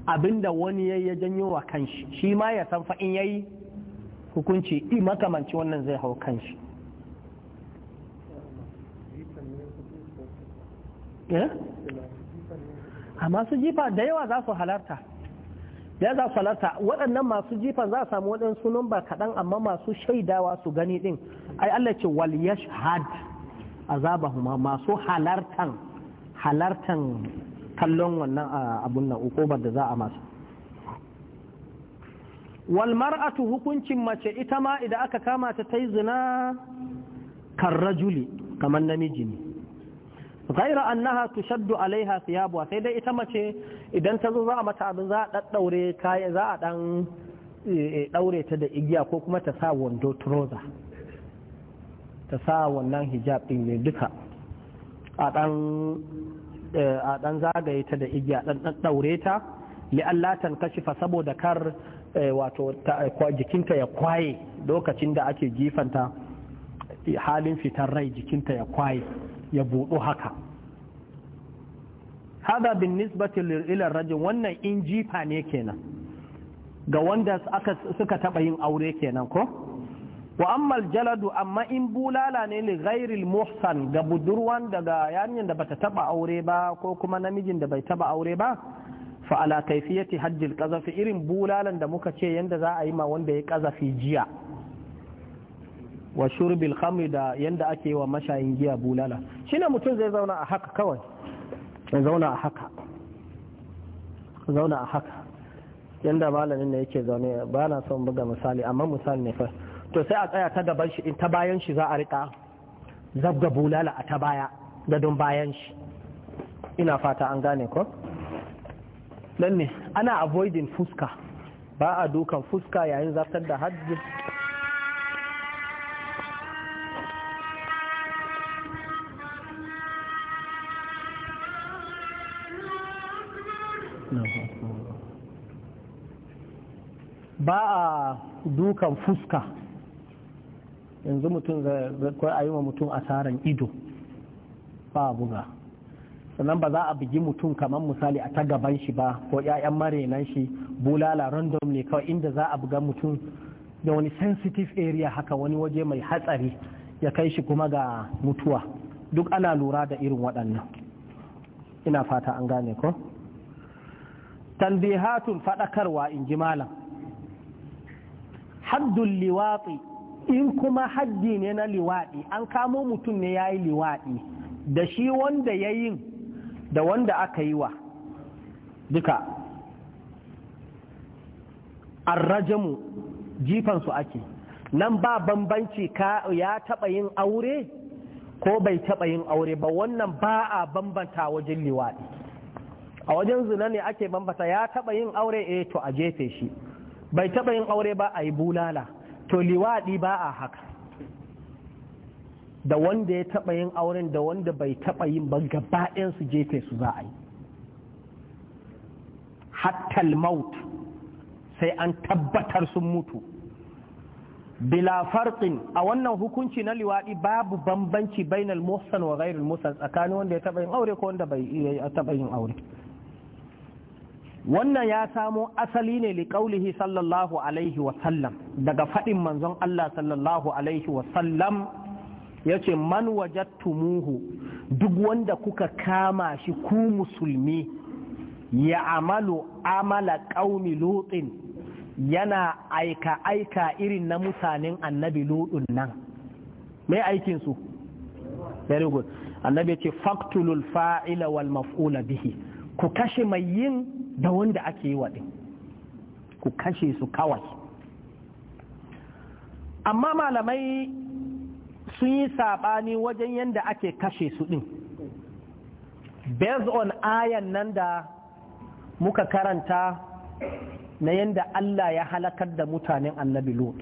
abinda wani ya janyo wa kanshi shi ma ya san fa yayi hukunci makamanci wannan zai hau kan shi eh? a masu jifa da yawa za su halarta ya za su halarta waɗannan masu jifa za a samu waɗansu nan ba kaɗan amma masu shaidawa su gani ɗin ai Allah ce wal yashhad azabahuma masu halartan halartan kallon wannan ah, abun na ukobar da za a masu wal mar'atu hukuncin mace ita ma idan aka kama ta ta yi zina kan rajuli kamar namiji ne ghaira annaha tushaddu alaiha Yabuwa sai dai ita mace idan ta zo za a mata abin za a daddaure kayan za a dan eh, eh, daure ta da igiya ko kuma ta sa wando trouser ta sa wannan hijab din ne duka a ɗan eh, a zagaye ta da igiya dan daddaure ta li'allatan kashifa saboda kar Eh, wato eh, jikinta ya kwaye lokacin da ake jifanta halin fitar rai jikinta ya kwaye ya buɗu haka hada bin nisbatin ilar rajin wannan in jifa ne kenan ga wanda suka taɓa yin aure kenan ko wa ammal jaladu amma in bulala ne li ghairil muhsan ga budurwan daga yarinyar da bata taɓa aure ba ko kuma namijin da bai taɓa aure ba fa ala kaifiyati hajjil ƙazafi irin bulalan da muka ce yanda za a yi ma wanda ya qazafi jiya wa shurbil khamri da yanda ake wa mashayin giya bulala Shi ne mutum zai zauna a haka kawai zai zauna a haka zauna a haka yanda malamin ne yake zaune ba na son buga misali amma misali ne fa to sai a tsaya ta gaban shi in ta bayan shi za a rika zabga bulala a ta baya gadon bayan shi ina fata an gane ko nan ne ana avoiding fuska ba a dukan fuska yayin zartar da hajji ba a dukan fuska yanzu mutum zai ayi wa mutum asaran ido ba a buga sannan ba za a bugi mutum kamar misali a ta gaban shi ba ko 'ya'yan marenan shi bulala random ne kawai inda za a buga mutum da wani sensitive area haka wani waje mai hatsari ya kai shi kuma ga mutuwa duk ana lura da irin waɗannan ina fata an gane ko tanbihatun faɗakarwa in ji malam haddun liwaɗi in kuma haddi ne na liwaɗi an kamo mutum ne ya yi liwaɗi da shi wanda ya yin da wanda aka yi wa duka arrajamu jifansu ake nan ba bambanci ka ya taɓa yin aure ko bai taɓa yin aure ba wannan ba a bambanta wajen liwaɗi a wajen zina ne ake bambata ya taɓa yin aure eh to a jefe shi bai taɓa yin aure ba a yi bulala to liwaɗi ba a haka da wanda ya taɓa yin auren da wanda bai taɓa yin ba gaba su jefe su za a yi hattal maut sai an tabbatar sun mutu bila farqin a wannan hukunci na liwaɗi babu bambanci bainal muhsan wa ghairul muhsan tsakanin wanda ya taɓa yin aure ko wanda bai taɓa yin aure wannan ya samo asali ne liƙaulihi sallallahu alaihi sallam, daga faɗin manzon Allah sallallahu alaihi sallam. ya ce man wajattumuhu duk wanda kuka kama shi ku musulmi ya amalu amala ƙaumi lutsin yana aika-aika irin na mutanen annabi lutsin nan mai aikinsu very good annabi ce faktulul fa'ila wal maf'ula bihi ku kashe mai yin da wanda ake yi waɗin ku kashe su kawai amma malamai sun yi saɓani wajen yadda ake kashe su ɗin based on ayan nan da muka karanta na yadda Allah ya halakar da mutanen annabi Lut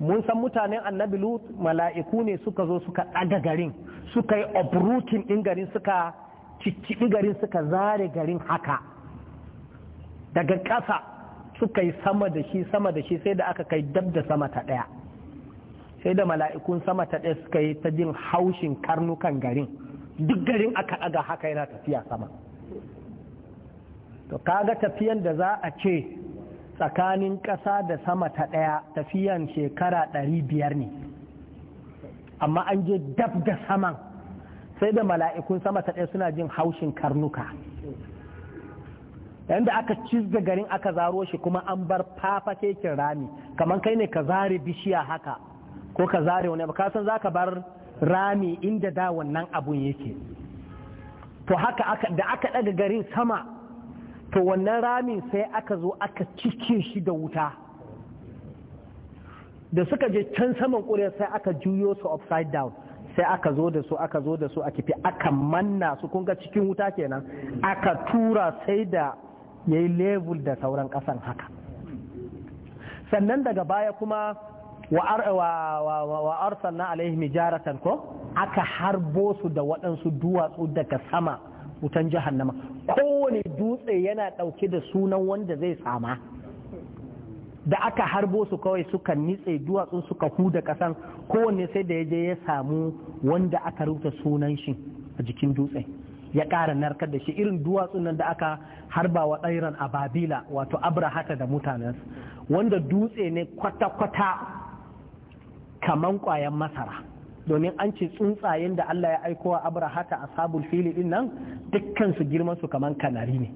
mun san mutanen annabi Lut mala'iku ne suka zo suka ɗaga garin suka yi uprooting ɗin garin suka cicciɗi garin suka zare garin haka daga ƙasa suka yi sama da shi sama da shi sai da aka kai dab da sama ta ɗaya sai da mala'ikun sama ta ɗaya suka yi ta jin haushin karnukan garin duk garin aka ɗaga haka yana tafiya sama to kaga tafiyan da za a ce tsakanin ƙasa da sama ta ɗaya tafiyan shekara ɗari biyar ne amma an je dab da saman sai da mala'ikun sama ta ɗaya suna jin haushin karnuka yadda aka cizga garin aka zaro shi kuma an bar fafa kekin rami kamar kai ne ka zare bishiya haka ko ka zare wani ba kasan za ka bar rami inda da wannan abun yake to haka da aka daga garin sama to wannan ramin sai aka zo aka cike shi da wuta da suka je can saman ƙuriya sai aka juyo su upside down sai aka zo da su aka zo da su a kifi aka manna su kun cikin wuta kenan aka tura sai da ya yi level da sauran ƙasan haka sannan daga baya kuma wa na alaihim jaratan ko aka harbo su da waɗansu duwatsu daga sama wutan jahannama kowane dutse yana ɗauke da sunan wanda zai sama da aka harbo su kawai suka nitse duwatsun suka huda ƙasan kowanne sai da ya je ya samu wanda aka rubuta sunan shi a jikin dutse ya ƙara narkar da shi irin duwatsun nan da aka harba wa ɗairan a babila wato abrahata da mutanen wanda dutse ne kwata-kwata kaman kwayan masara domin an ce tsuntsayen da Allah ya aiko wa a sabul fili ɗin nan dukkan su girman su kaman kanari ne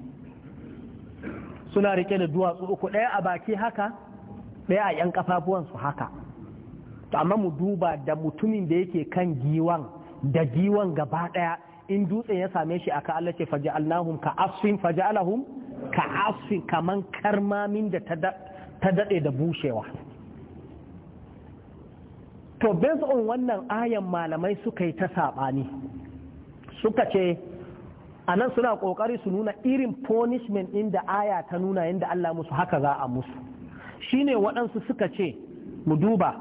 suna rike da duwatsu uku ɗaya a baki haka ɗaya a yan kafafuwan haka to amma mu duba da mutumin da yake kan giwan da giwan gaba ɗaya in dutsen ya same shi aka Allah ce faja'alnahum ka asfin faja'alahum ka asfin kaman karmamin da ta daɗe da bushewa to based on wannan ayan malamai suka yi ta saɓani suka ce a nan suna ƙoƙari su nuna irin punishment inda aya ta nuna yadda Allah musu haka za a musu shine waɗansu suka ce mu duba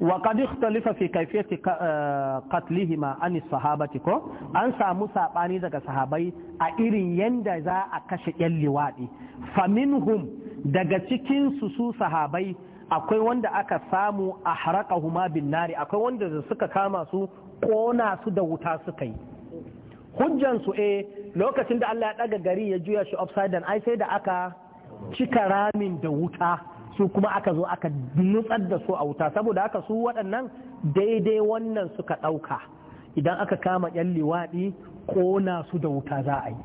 wa qad ikhtalifa fi kayfiyati eh, qatlihima an sahabati ko an samu saɓani daga sahabai a irin yanda za a kashe yan liwaɗi faminhum daga cikin su su sahabai akwai wanda aka samu a haraka huma bin nari akwai wanda da suka kama su kona su da wuta suka yi hujjansu eh lokacin da Allah ya daga gari ya juya shi upside down ai sai da aka cika ramin da wuta su kuma aka zo aka nutsar da su a wuta saboda aka su waɗannan daidai wannan suka ɗauka idan aka kama yan liwaɗi kona su da wuta za a yi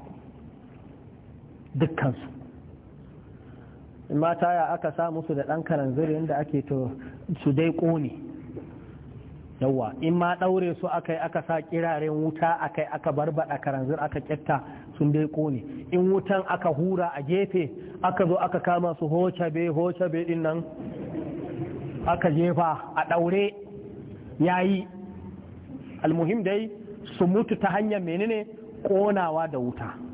dukkansu mata ya aka sa musu da ɗan karanzir yadda ake to su dai ƙone yawa in ma ɗaure su aka yi aka sa ƙiraren wuta aka yi aka barbaɗa karanzir aka ƙetta sun dai ƙone in wutan aka hura a gefe aka zo aka kama su hocabe be ɗin nan aka jefa a ɗaure yayi almuhim dai su mutu ta hanyar menene ƙonawa da wuta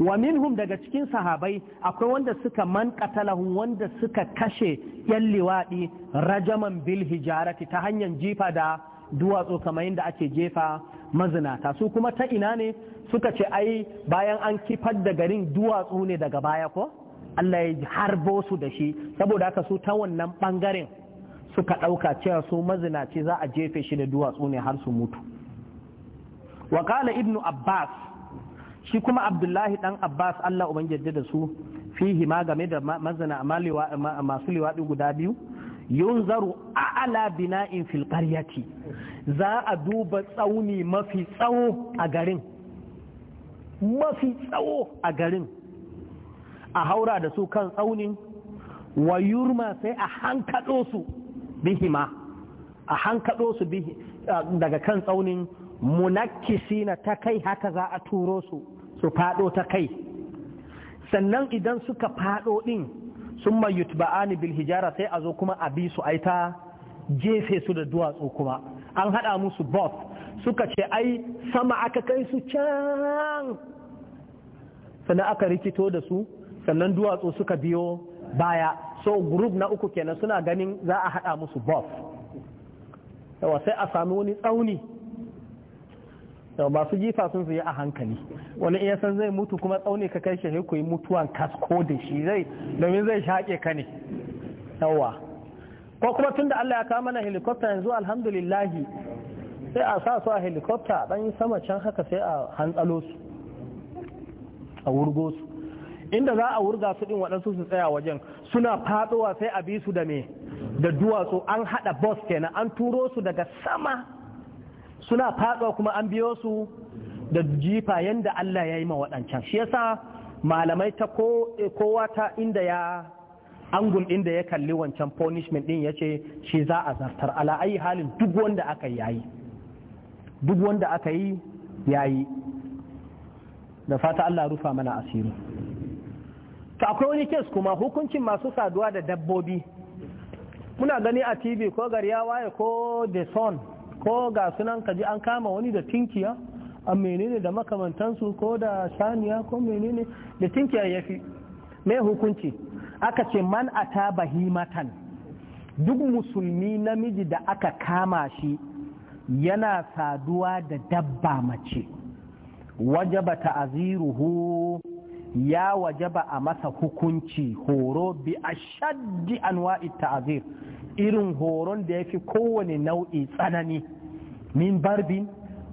wa minhum daga cikin sahabai akwai wanda suka man qatalahum wanda suka kashe yan liwadi rajaman bil hijarati ta hanyar jifa da duwatsu kamar yadda ake jefa mazinata su kuma ta ina ne suka ce ai bayan an kifar da garin duwatsu ne daga baya ko Allah ya harbo su da shi saboda haka su ta wannan bangaren suka ɗauka cewa su mazinaci za a jefe shi da duwatsu ne har su mutu wa ibnu abbas shi kuma abdullahi dan abbas allah uban da su fihi ma game da mazana masu liwaɗi guda biyu yunzaru ala bina'in in qaryati za a duba tsauni mafi tsawo a garin mafi tsawo a garin a haura da su kan tsaunin wayurma sai a hankaɗo su bihima a hankaɗo su daga kan tsaunin munakkisina ta kai haka za a turo su su fado ta kai sannan idan suka fado din sun ba'ani bil hijara sai a zo kuma a bi su aita jefe su da duwatsu kuma an hada musu bot suka ce ai sama aka kai su can sannan aka rikito da su sannan duwatsu suka biyo baya so group na uku kenan suna ganin za a hada musu bot yawa sai a sami wani tsauni masu jifa sun su yi a hankali wani iya san zai mutu kuma tsauni ka kai shi ku yi mutuwan kasko da shi zai domin zai shaƙe ka ne yawa ko kuma tun da Allah ya kawo mana helikopta yanzu alhamdulillahi sai a sa su a helikopta dan sama can haka sai a hantsalo su a wurgo su inda za a wurga su din waɗansu su tsaya wajen suna fadowa sai a bi su da me da duwatsu an haɗa bus kenan an turo su daga sama suna faɗo kuma an biyo su da jifa yadda Allah ya yi ma waɗancan shi yasa malamai ta eh, kowa ta inda ya angul inda ya kalli wancan punishment din ya ce shi za a zartar ala ayi halin duk wanda aka yi yayi duk wanda aka yi yayi da fata Allah rufa mana asiri to akwai wani kes kuma hukuncin masu saduwa da dabbobi muna gani a tv ko garyawa ko the sun ko ga sunan ka ji an kama wani da tinkiya a menene da makamantansu ko da saniya ko menene da tinkiya ya fi mai hukunci aka ce man a ta bahimatan duk musulmi namiji da aka kama shi yana saduwa da dabba mace wajaba ta'aziruhu ya wajaba a masa hukunci horo bi ashaddi anwa'i ta'azir, irin horon da yafi kowane nau'i tsanani min barbin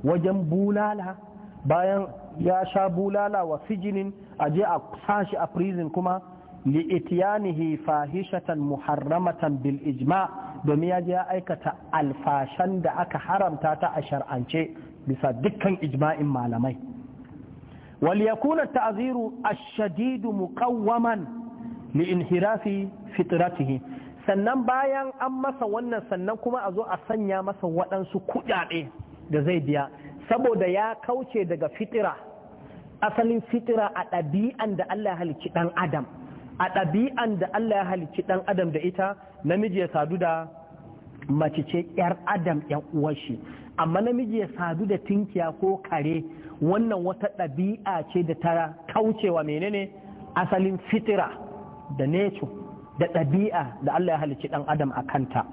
wajen bulala bayan ya sha bulala wa a aje a sashi a prison kuma li'itiyanihi fahishatan muharramatan bil ijma domin ya je ya aikata alfashan da aka haramta ta a shar'ance bisa dukkan ijma'in malamai وليكون التعذير الشديد مقوما لانحراف فطرته inhirafi fitratihi sannan bayan an masa wannan sannan kuma a zo a sanya masa waɗansu kuɗaɗe da zai biya saboda ya kauce daga fitira asalin fitira a ɗabi'an da Allah ya halicci ɗan adam a ɗabi'an da Allah ya halicci ɗan adam da ita namiji ya sadu da mace ce ‘yar adam ‘yan shi amma namiji ya sadu da tinkiya ko kare wannan wata ɗabi'a ce da ta kaucewa menene asalin fitira da neco da ɗabi'a da Allah ya halicci ɗan adam a kanta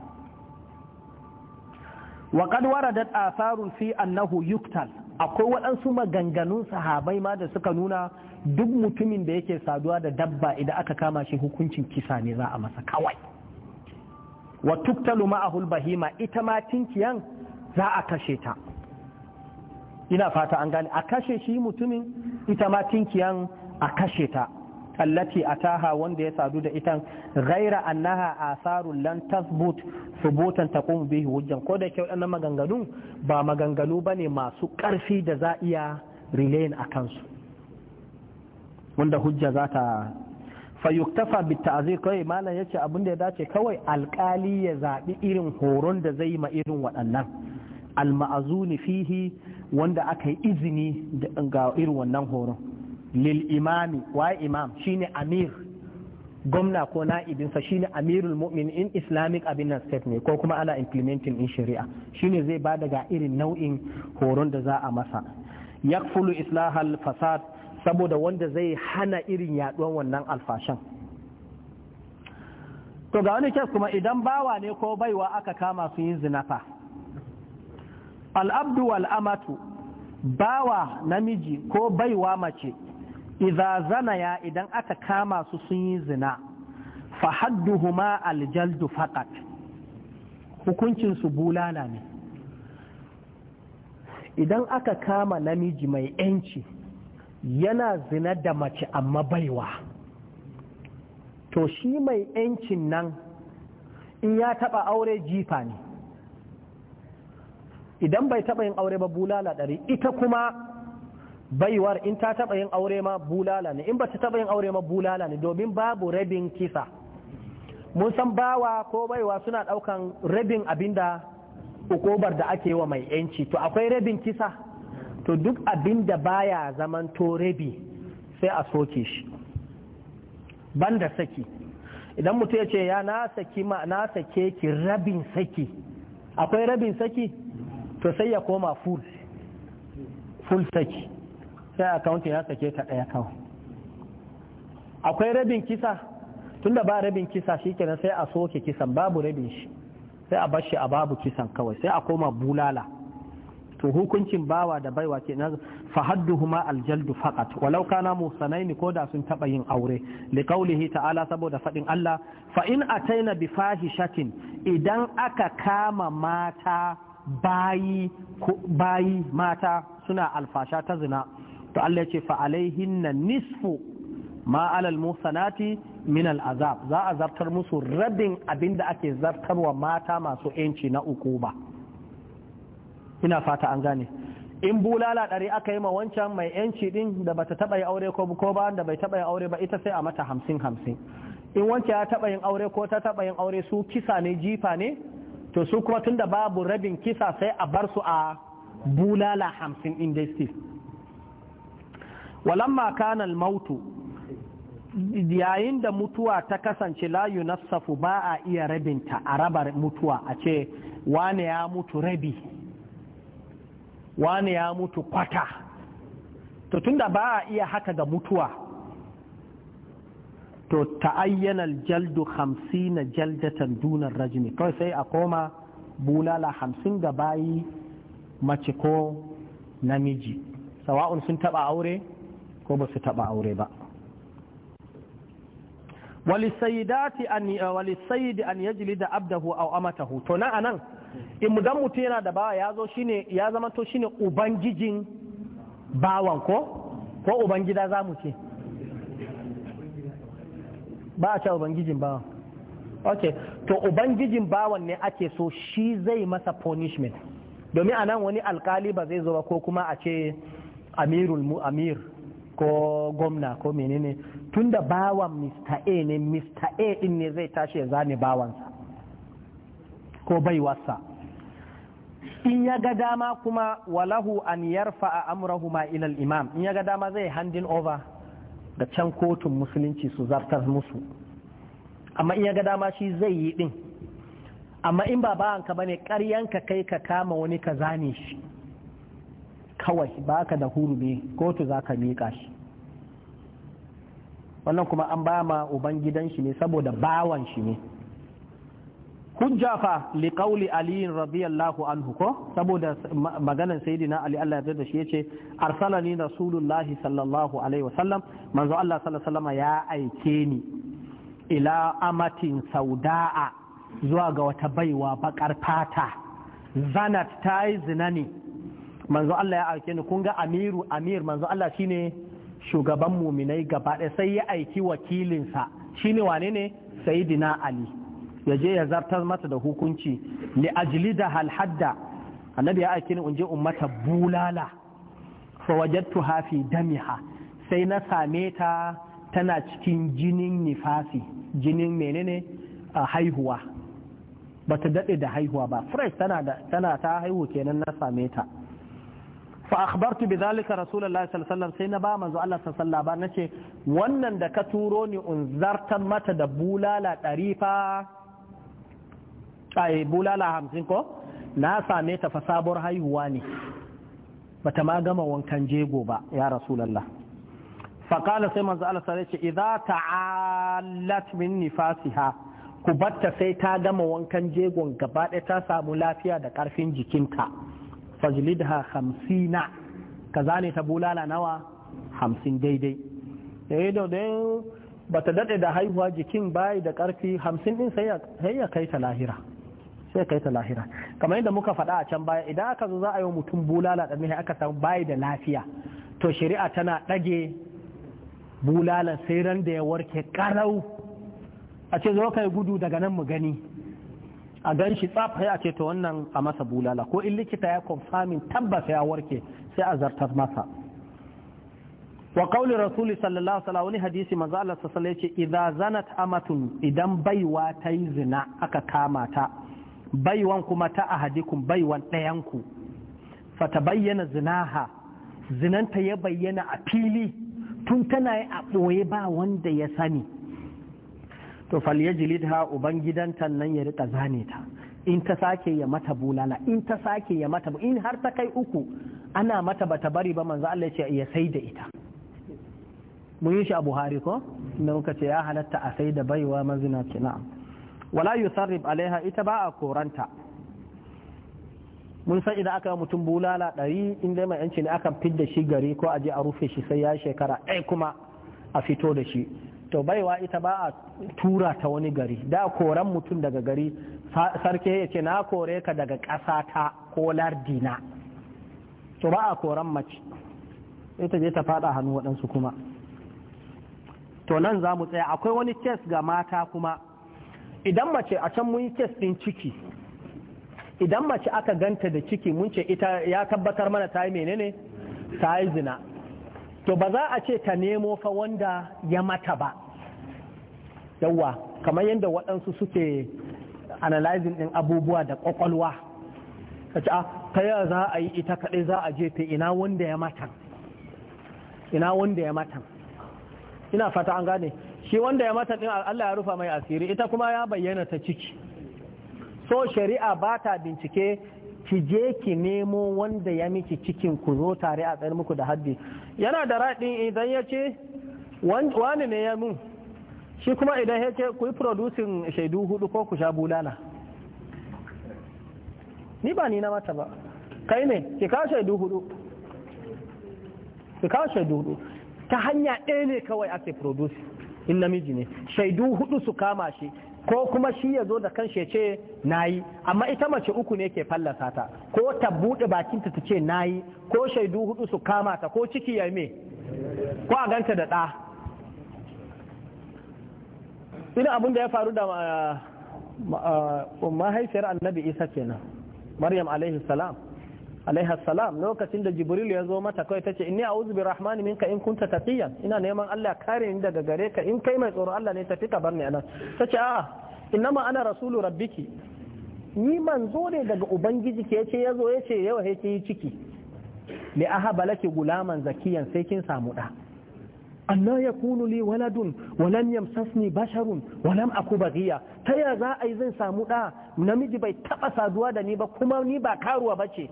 waƙad da asarun fi annahu yuktal akwai waɗansu maganganun sahabai ma da suka nuna duk mutumin da yake saduwa da dabba idan aka kama shi hukuncin kisa ne za a masa kawai wa tuktalu ma'ahul bahima ita ma tinkiyan za a kashe ta ina fata an gane a kashe shi mutumin ita ma tinkiyan a kashe ta allati ataha wanda ya sadu da ita ghaira annaha asarun lan tasbut subutan taqum bihi hujjan ko da kyau wadannan maganganun ba maganganu bane masu karfi da za iya relayin a kansu wanda hujja za ta fayuktafa bi ta'zir kai malam yace abin da ya dace kawai alkali ya zabi irin horon da zai ma irin waɗannan al ma'azuni fihi wanda aka yi izini ga irin wannan horon lil imami wa imam shine amir gwamna ko na'ibinsa shine amirul mu'min in islamic abin state ne ko kuma ana implementing in shari'a shine zai ba daga irin nau'in horon da za a masa yakfulu islahal fasad saboda wanda zai hana irin yaduwan wannan alfashan to ga wani kes kuma idan bawa ne ko baiwa aka kama su yin zinafa al'abdu wal'amatu bawa namiji ko baiwa mace izazanaya zanaya idan aka kama su sun yi zina fa hadduhuma aljaldu faqat su bulala ne idan aka kama namiji mai ‘yanci yana zina da mace amma baiwa to shi mai ‘yancin nan in ya taɓa aure jifa ne idan bai taɓa yin aure ba bulala ɗari ita kuma baiwar in ta taɓa yin aure ma bulala ne in ba ta taɓa yin aure ma bulala ne domin babu rabin kisa mun san bawa ko baiwa suna ɗaukan rabin abinda ukobar da ake wa mai yanci to akwai rabin kisa to duk abinda baya zaman to rabi sai a soke shi banda saki idan mutum ya ce ya na sake ki rabin saki akwai rabin saki to sai ya koma full full saki sai akawuntin ya sake ta ɗaya kawai akwai rabin kisa tunda ba rabin kisa shikenan sai a soke kisan babu rabin shi sai a bashi a babu kisan kawai sai a koma bulala to hukuncin bawa da baiwa ke na fahadduhuma aljaldu faqat walau kana musanaini ko da sun taba yin aure liqaulihi ta'ala saboda fadin Allah fa in ataina bi fahishatin idan aka kama mata bayi bayi mata suna alfasha ta zina to Allah ya ce fa alaihinna nisfu ma alal musanati min azab za a zartar musu rabin abin da ake zartarwa mata masu yanci na uku ba ina fata an gane in bulala ɗari aka yi ma wancan mai yanci ɗin da bata taɓa yi aure ko ko ba da bai taɓa yin aure ba ita sai a mata hamsin hamsin in wancan ya taɓa yin aure ko ta taɓa yin aure su kisa ne jifa ne to su kuma tun da babu rabin kisa sai a bar su a bulala hamsin su walamma kanal mautu yayin da mutuwa ta kasance layu nassafu ba a iya rabinta a raba mutuwa a ce wane ya mutu rabi wane ya mutu kwata to tunda ba a iya haka ga mutuwa to ta'ayyana jaldu hamsi na jaldatan dunar rajimi kawai sai a koma bulala hamsin ga bayi mace ko namiji sawa'un sun taba aure ko ba su taba aure ba walisaidati an eh, yajli da abdahu aw amatahu to na anan in idan mutum yana da bawa ya zo shine ya zama to shine ubangijin bawan ko ko ubangida za mu ce ba a ce ubangijin bawan ok to ubangijin bawan ne ake so shi zai masa punishment domin anan wani alkali ba zai zo ba ko kuma a ce amirul mu amir ko gwamna ko menene tunda bawan mr a ne mr a din ne zai tashi ya zane bawansa ko bai baiwarsa in ya ga dama kuma walahu an yarfa a amurahu ma ilal imam in ya ga dama zai handin over da can kotun musulunci su zartar musu amma in ya ga dama shi zai yi din amma in ba bawanka ba ne ka kai ka kama wani ka zane shi kawai baka da ne kotu za ka miƙa shi wannan kuma an ba ma ubangidan shi ne saboda bawan shi ne hujja fa li qawli ali radiyallahu anhu ko saboda maganar sayyidina ali Allah ya da shi yace arsalani rasulullahi sallallahu alaihi wasallam manzo Allah sallallahu alaihi wasallam ya aike ni ila amatin sauda'a zuwa ga wata baiwa bakar fata zanat ta yi zina manzo Allah ya aike ni kun ga amiru amir manzo Allah shine shugaban muminai gaba ɗaya sai ya aiki wakilinsa shine wane ne sayyidina ali ya je ya zartar mata da hukunci li ajli da halhadda annabi ya aiki in je ummata bulala fa wajadtu hafi damiha sai na same ta tana cikin jinin nifasi jinin menene a haihuwa ba ta daɗe da haihuwa ba fresh tana da tana ta haihu kenan na same ta fa akhbartu bi dhalika rasulullahi sallallahu alaihi wasallam sai na ba manzo Allah sallallahu alaihi wasallam nace wannan da ka turo ni unzartan mata da bulala ɗarifa ai bulala hamsin ko na same ta fa sabuwar haihuwa ne bata ma gama wankan jego ba ya rasulallah faƙala sai manzo Allah sai ce idza ta'allat min nifasiha ku batta sai ta gama wankan jegon gaba ta samu lafiya da ƙarfin jikinta fajlidha hamsina kaza ne ta bulala nawa hamsin daidai eh da ba ta daɗe da haihuwa jikin bayi da ƙarfi hamsin ɗin sai ya kai ta lahira sai ka yi ta lahira kamar yadda muka faɗa a can baya idan aka zo za a yi mutum bulala da mihi aka san bayi da lafiya to shari'a tana ɗage bulala sai ran da ya warke karau a ce zo yi gudu daga nan mu gani a gan shi tsaf sai a ce to wannan a masa bulala ko in likita ya confirming tabbas ya warke sai a zartar masa wa qawli rasul sallallahu alaihi wasallam hadisi manzo Allah sallallahu alaihi wasallam yace idza zanat amatun idan baiwa ta yi zina aka kama ta baiwan kuma ta ahadikum baiwan ɗayanku fata bayyana zinaha zinanta ya bayyana a fili tun tana yi a ɓoye ba wanda ya sani to falyajlid uban ta nan ya rika zane ta in ta sake ya mata bulala in ta sake ya mata in har ta kai uku ana mata bata bari ba manzo Allah ya ce ya sai da ita mun yi shi a Buhari ko muka ce ya halatta a sai da baiwa mazina ce na'am wala yusarrib alaiha ita ba a koranta mun san idan aka yi mutum bulala ɗari in dai mai yanci ne fi da shi gari ko aje a rufe shi sai ya shekara ɗaya kuma a fito da shi to baiwa ita ba a tura ta wani gari da koran mutum daga gari sarki ya ce na kore ka daga ƙasa ta ko lardina to ba a koran mace ita je ta faɗa hannu waɗansu kuma to nan za mu tsaya akwai wani kes ga mata kuma idan mace a can mun test din ciki idan mace aka ganta da ciki mun ce ita ya tabbatar mana ta yi menene ta yi zina to ba za a ce ta nemo fa wanda ya mata ba yawa kamar yadda waɗansu suke analyzing ɗin abubuwa da ƙwaƙwalwa ah, ta ce ta yi za a yi ita kaɗai za a jefe ina wanda ya matan ina wanda ya matan ina fata an gane shi wanda ya mata din Allah ya rufa mai asiri ita kuma ya bayyana ta ciki so shari'a ba ta bincike ki je ki nemo wanda ya miki cikin ku zo tare a tsayar muku da haddi yana da raɗin idan ya ce wani ne ya mun shi kuma idan ya ce ku yi producing shaidu hudu ko ku sha bulala ni ba ni na mata ba kai ne ki kawo shaidu hudu ki kawo shaidu hudu ta hanya ɗaya ne kawai ake producing in namiji ne shaidu hudu su kama shi ko kuma shi ya zo da kanshi ya ce nayi amma ita mace uku ne ke fallasa ta ko ta buɗe bakinta ta ce nayi ko shaidu hudu su kama ta ko ciki ya me ko a ganta da ɗa ina abin da ya faru da mahaifiyar annabi isa kenan maryam alaihi salam alaihi salam lokacin da jibril ya zo mata kawai tace inni a'udhu rahmani minka in kunta taqiyan ina neman Allah kare ni daga gare ka in kai mai tsoro Allah ne tafi ka bar ni anan tace a'a ma ana rasulu rabbiki ni manzo ne daga ubangiji ke yace yazo yace yau he ki ciki li ahaba laki gulaman zakiyan sai kin samu da Allah ya kunu li waladun walam yamsasni basharun walam aku baghiya ta ya za a yi zan samu da namiji bai taba saduwa da ni ba kuma ni ba karuwa bace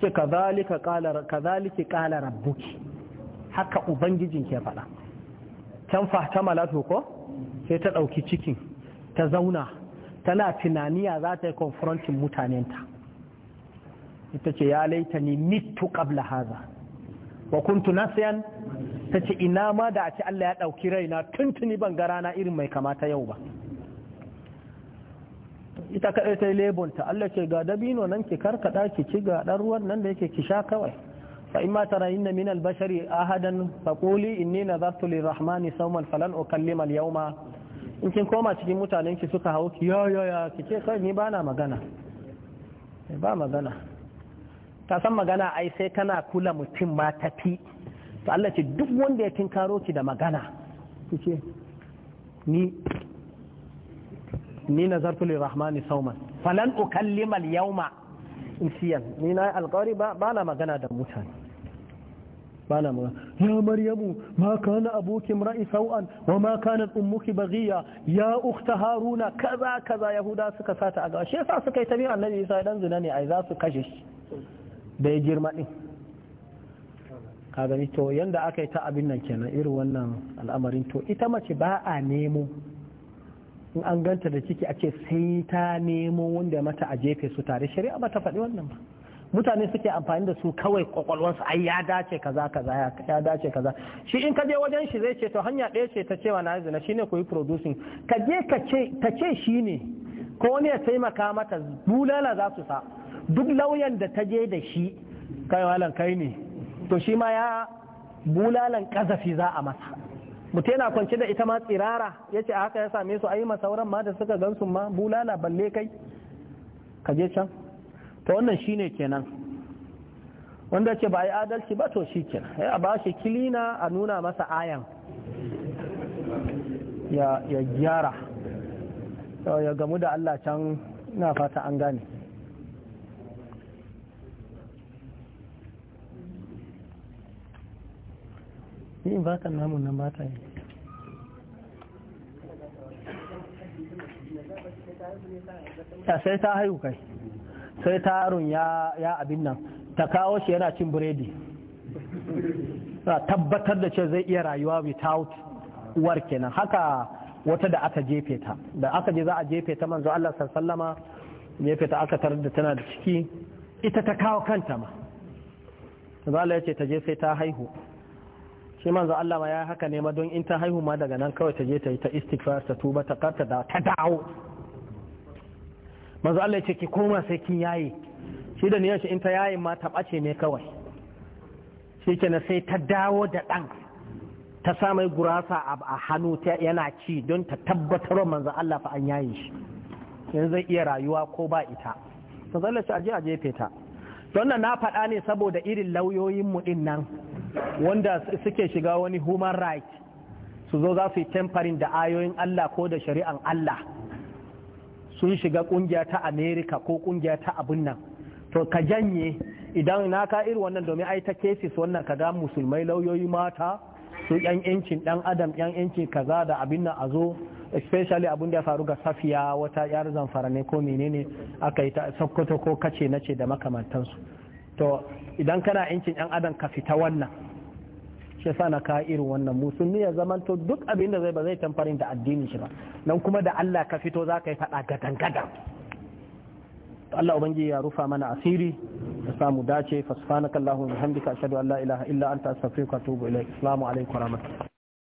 ce kadhalika qala rabbuki haka ubangijin ke faɗa can fata malato ko sai ta ɗauki cikin ta zauna tana tunaniya za ta yi konfrontin mutanenta ita ce ya laita ni mitu qabla haza wa kuntu nasiyan ta ce ina ma da a ce Allah ya ɗauki raina tuntuni ban ga rana irin mai kamata yau ba ita kaɗai ta yi lebonta Allah ce ga dabino nan ki karkaɗa ki ci ga ɗan ruwan nan da yake ki sha kawai fa in ma tara inna min al bashari ahadan fa quli inni nadartu rahmani sawman falan ukallima al yawma in kin koma cikin mutanen ki suka hau ki yo yo ya ki ce kai ni bana magana ba magana ta san magana ai sai kana kula mutum ma tafi to Allah ce duk wanda ya tinkaro ki da magana ki ce ni ni nazartu lirrahmani sauman falan ukallimal yauma insiyan ni na alqari ba na magana da mutane ba na ya maryamu ma kana abokin ra'i sau'an wa ma kana ummuki baghiya ya ukhta haruna kaza kaza yahuda suka sata a gaba sa suka yi tabi'an annabi isa dan zina ne ai za su kashe shi da ya girma din ka gani to yanda aka yi ta abin nan kenan irin wannan al'amarin to ita mace ba a nemo in an ganta da ciki a ce sai ta nemo wanda mata a jefe su tare shari'a ba ta faɗi wannan ba mutane suke amfani da su kawai kwakwalwansu ai ya dace kaza kaza ya dace kaza shi in ka je wajen shi zai ce to hanya ɗaya ce ta cewa na zina shine ku yi producing ka je ka ce shi ne ko wani ya taimaka mata bulala za su sa duk lauyan da ta je da shi kai walan kai ne to shi ma ya bulalan kazafi za a masa mutum yana kwance da ita ma tsirara ya ce haka ya same su a yi masauran ma da suka gansu ma bulala balle kai ka je can ta wannan shine kenan wanda ce ba a yi adalci ba to shi kenan ya eh, ba shi kilina a nuna masa ayan ya gyara ya gamu da Allah can na fata an gane ni ba ta namun nan ba ta sai ta haihu kai sai ta harun ya abin nan ta kawo shi yana cin biredi tabbatar da ce zai iya rayuwa without uwar kenan haka wata da aka jefe ta da aka je za a jefe ta manzo Allah sallama jefe ta aka tarar da tana da ciki ita ta kawo kanta ma zala ya ce ta je sai ta haihu shi manzo Allah ma ya haka ne ma don in ta haihu ma daga nan kawai ta je ta yi ta istighfar ta tuba ta karta da ta dawo. manzo Allah ya ce ki koma sai kin yaye shi da niyyar shi in ta yaye ma ta bace ne kawai shi kenan sai ta dawo da dan ta sa gurasa a hannu yana ci don ta tabbatar manzo Allah fa an yaye shi yanzu zai iya rayuwa ko ba ita manzo Allah ya ce aje a jefe ta don na faɗa ne saboda irin lauyoyin mu din nan wanda suke shiga wani human right su zo za su yi temperin da ayoyin Allah ko da shari'an Allah sun shiga kungiya ta Amerika ko kungiya ta abin nan to ka janye idan na ka iri wannan domin ai ta cases wannan ka ga musulmai lauyoyi mata su yan yancin dan adam yan yancin kaza da abin nan a zo especially abin da ya faru ga safiya wata yar zamfara ne ko menene aka yi ta sokoto ko kace nace da makamantansu to idan kana yancin yan adam ka fita wannan shi sa na ka irin wannan musulmi ya zamanto duk abin da zai ba zai tamfarin da addinin shi ba nan kuma da Allah ka fito za ka yi faɗa gadan gadan Allah ubangiji ya rufa mana asiri da samu dace fa subhanakallahumma bihamdika ashhadu an la ilaha illa anta astaghfiruka wa atubu ilaik assalamu alaikum wa rahmatullahi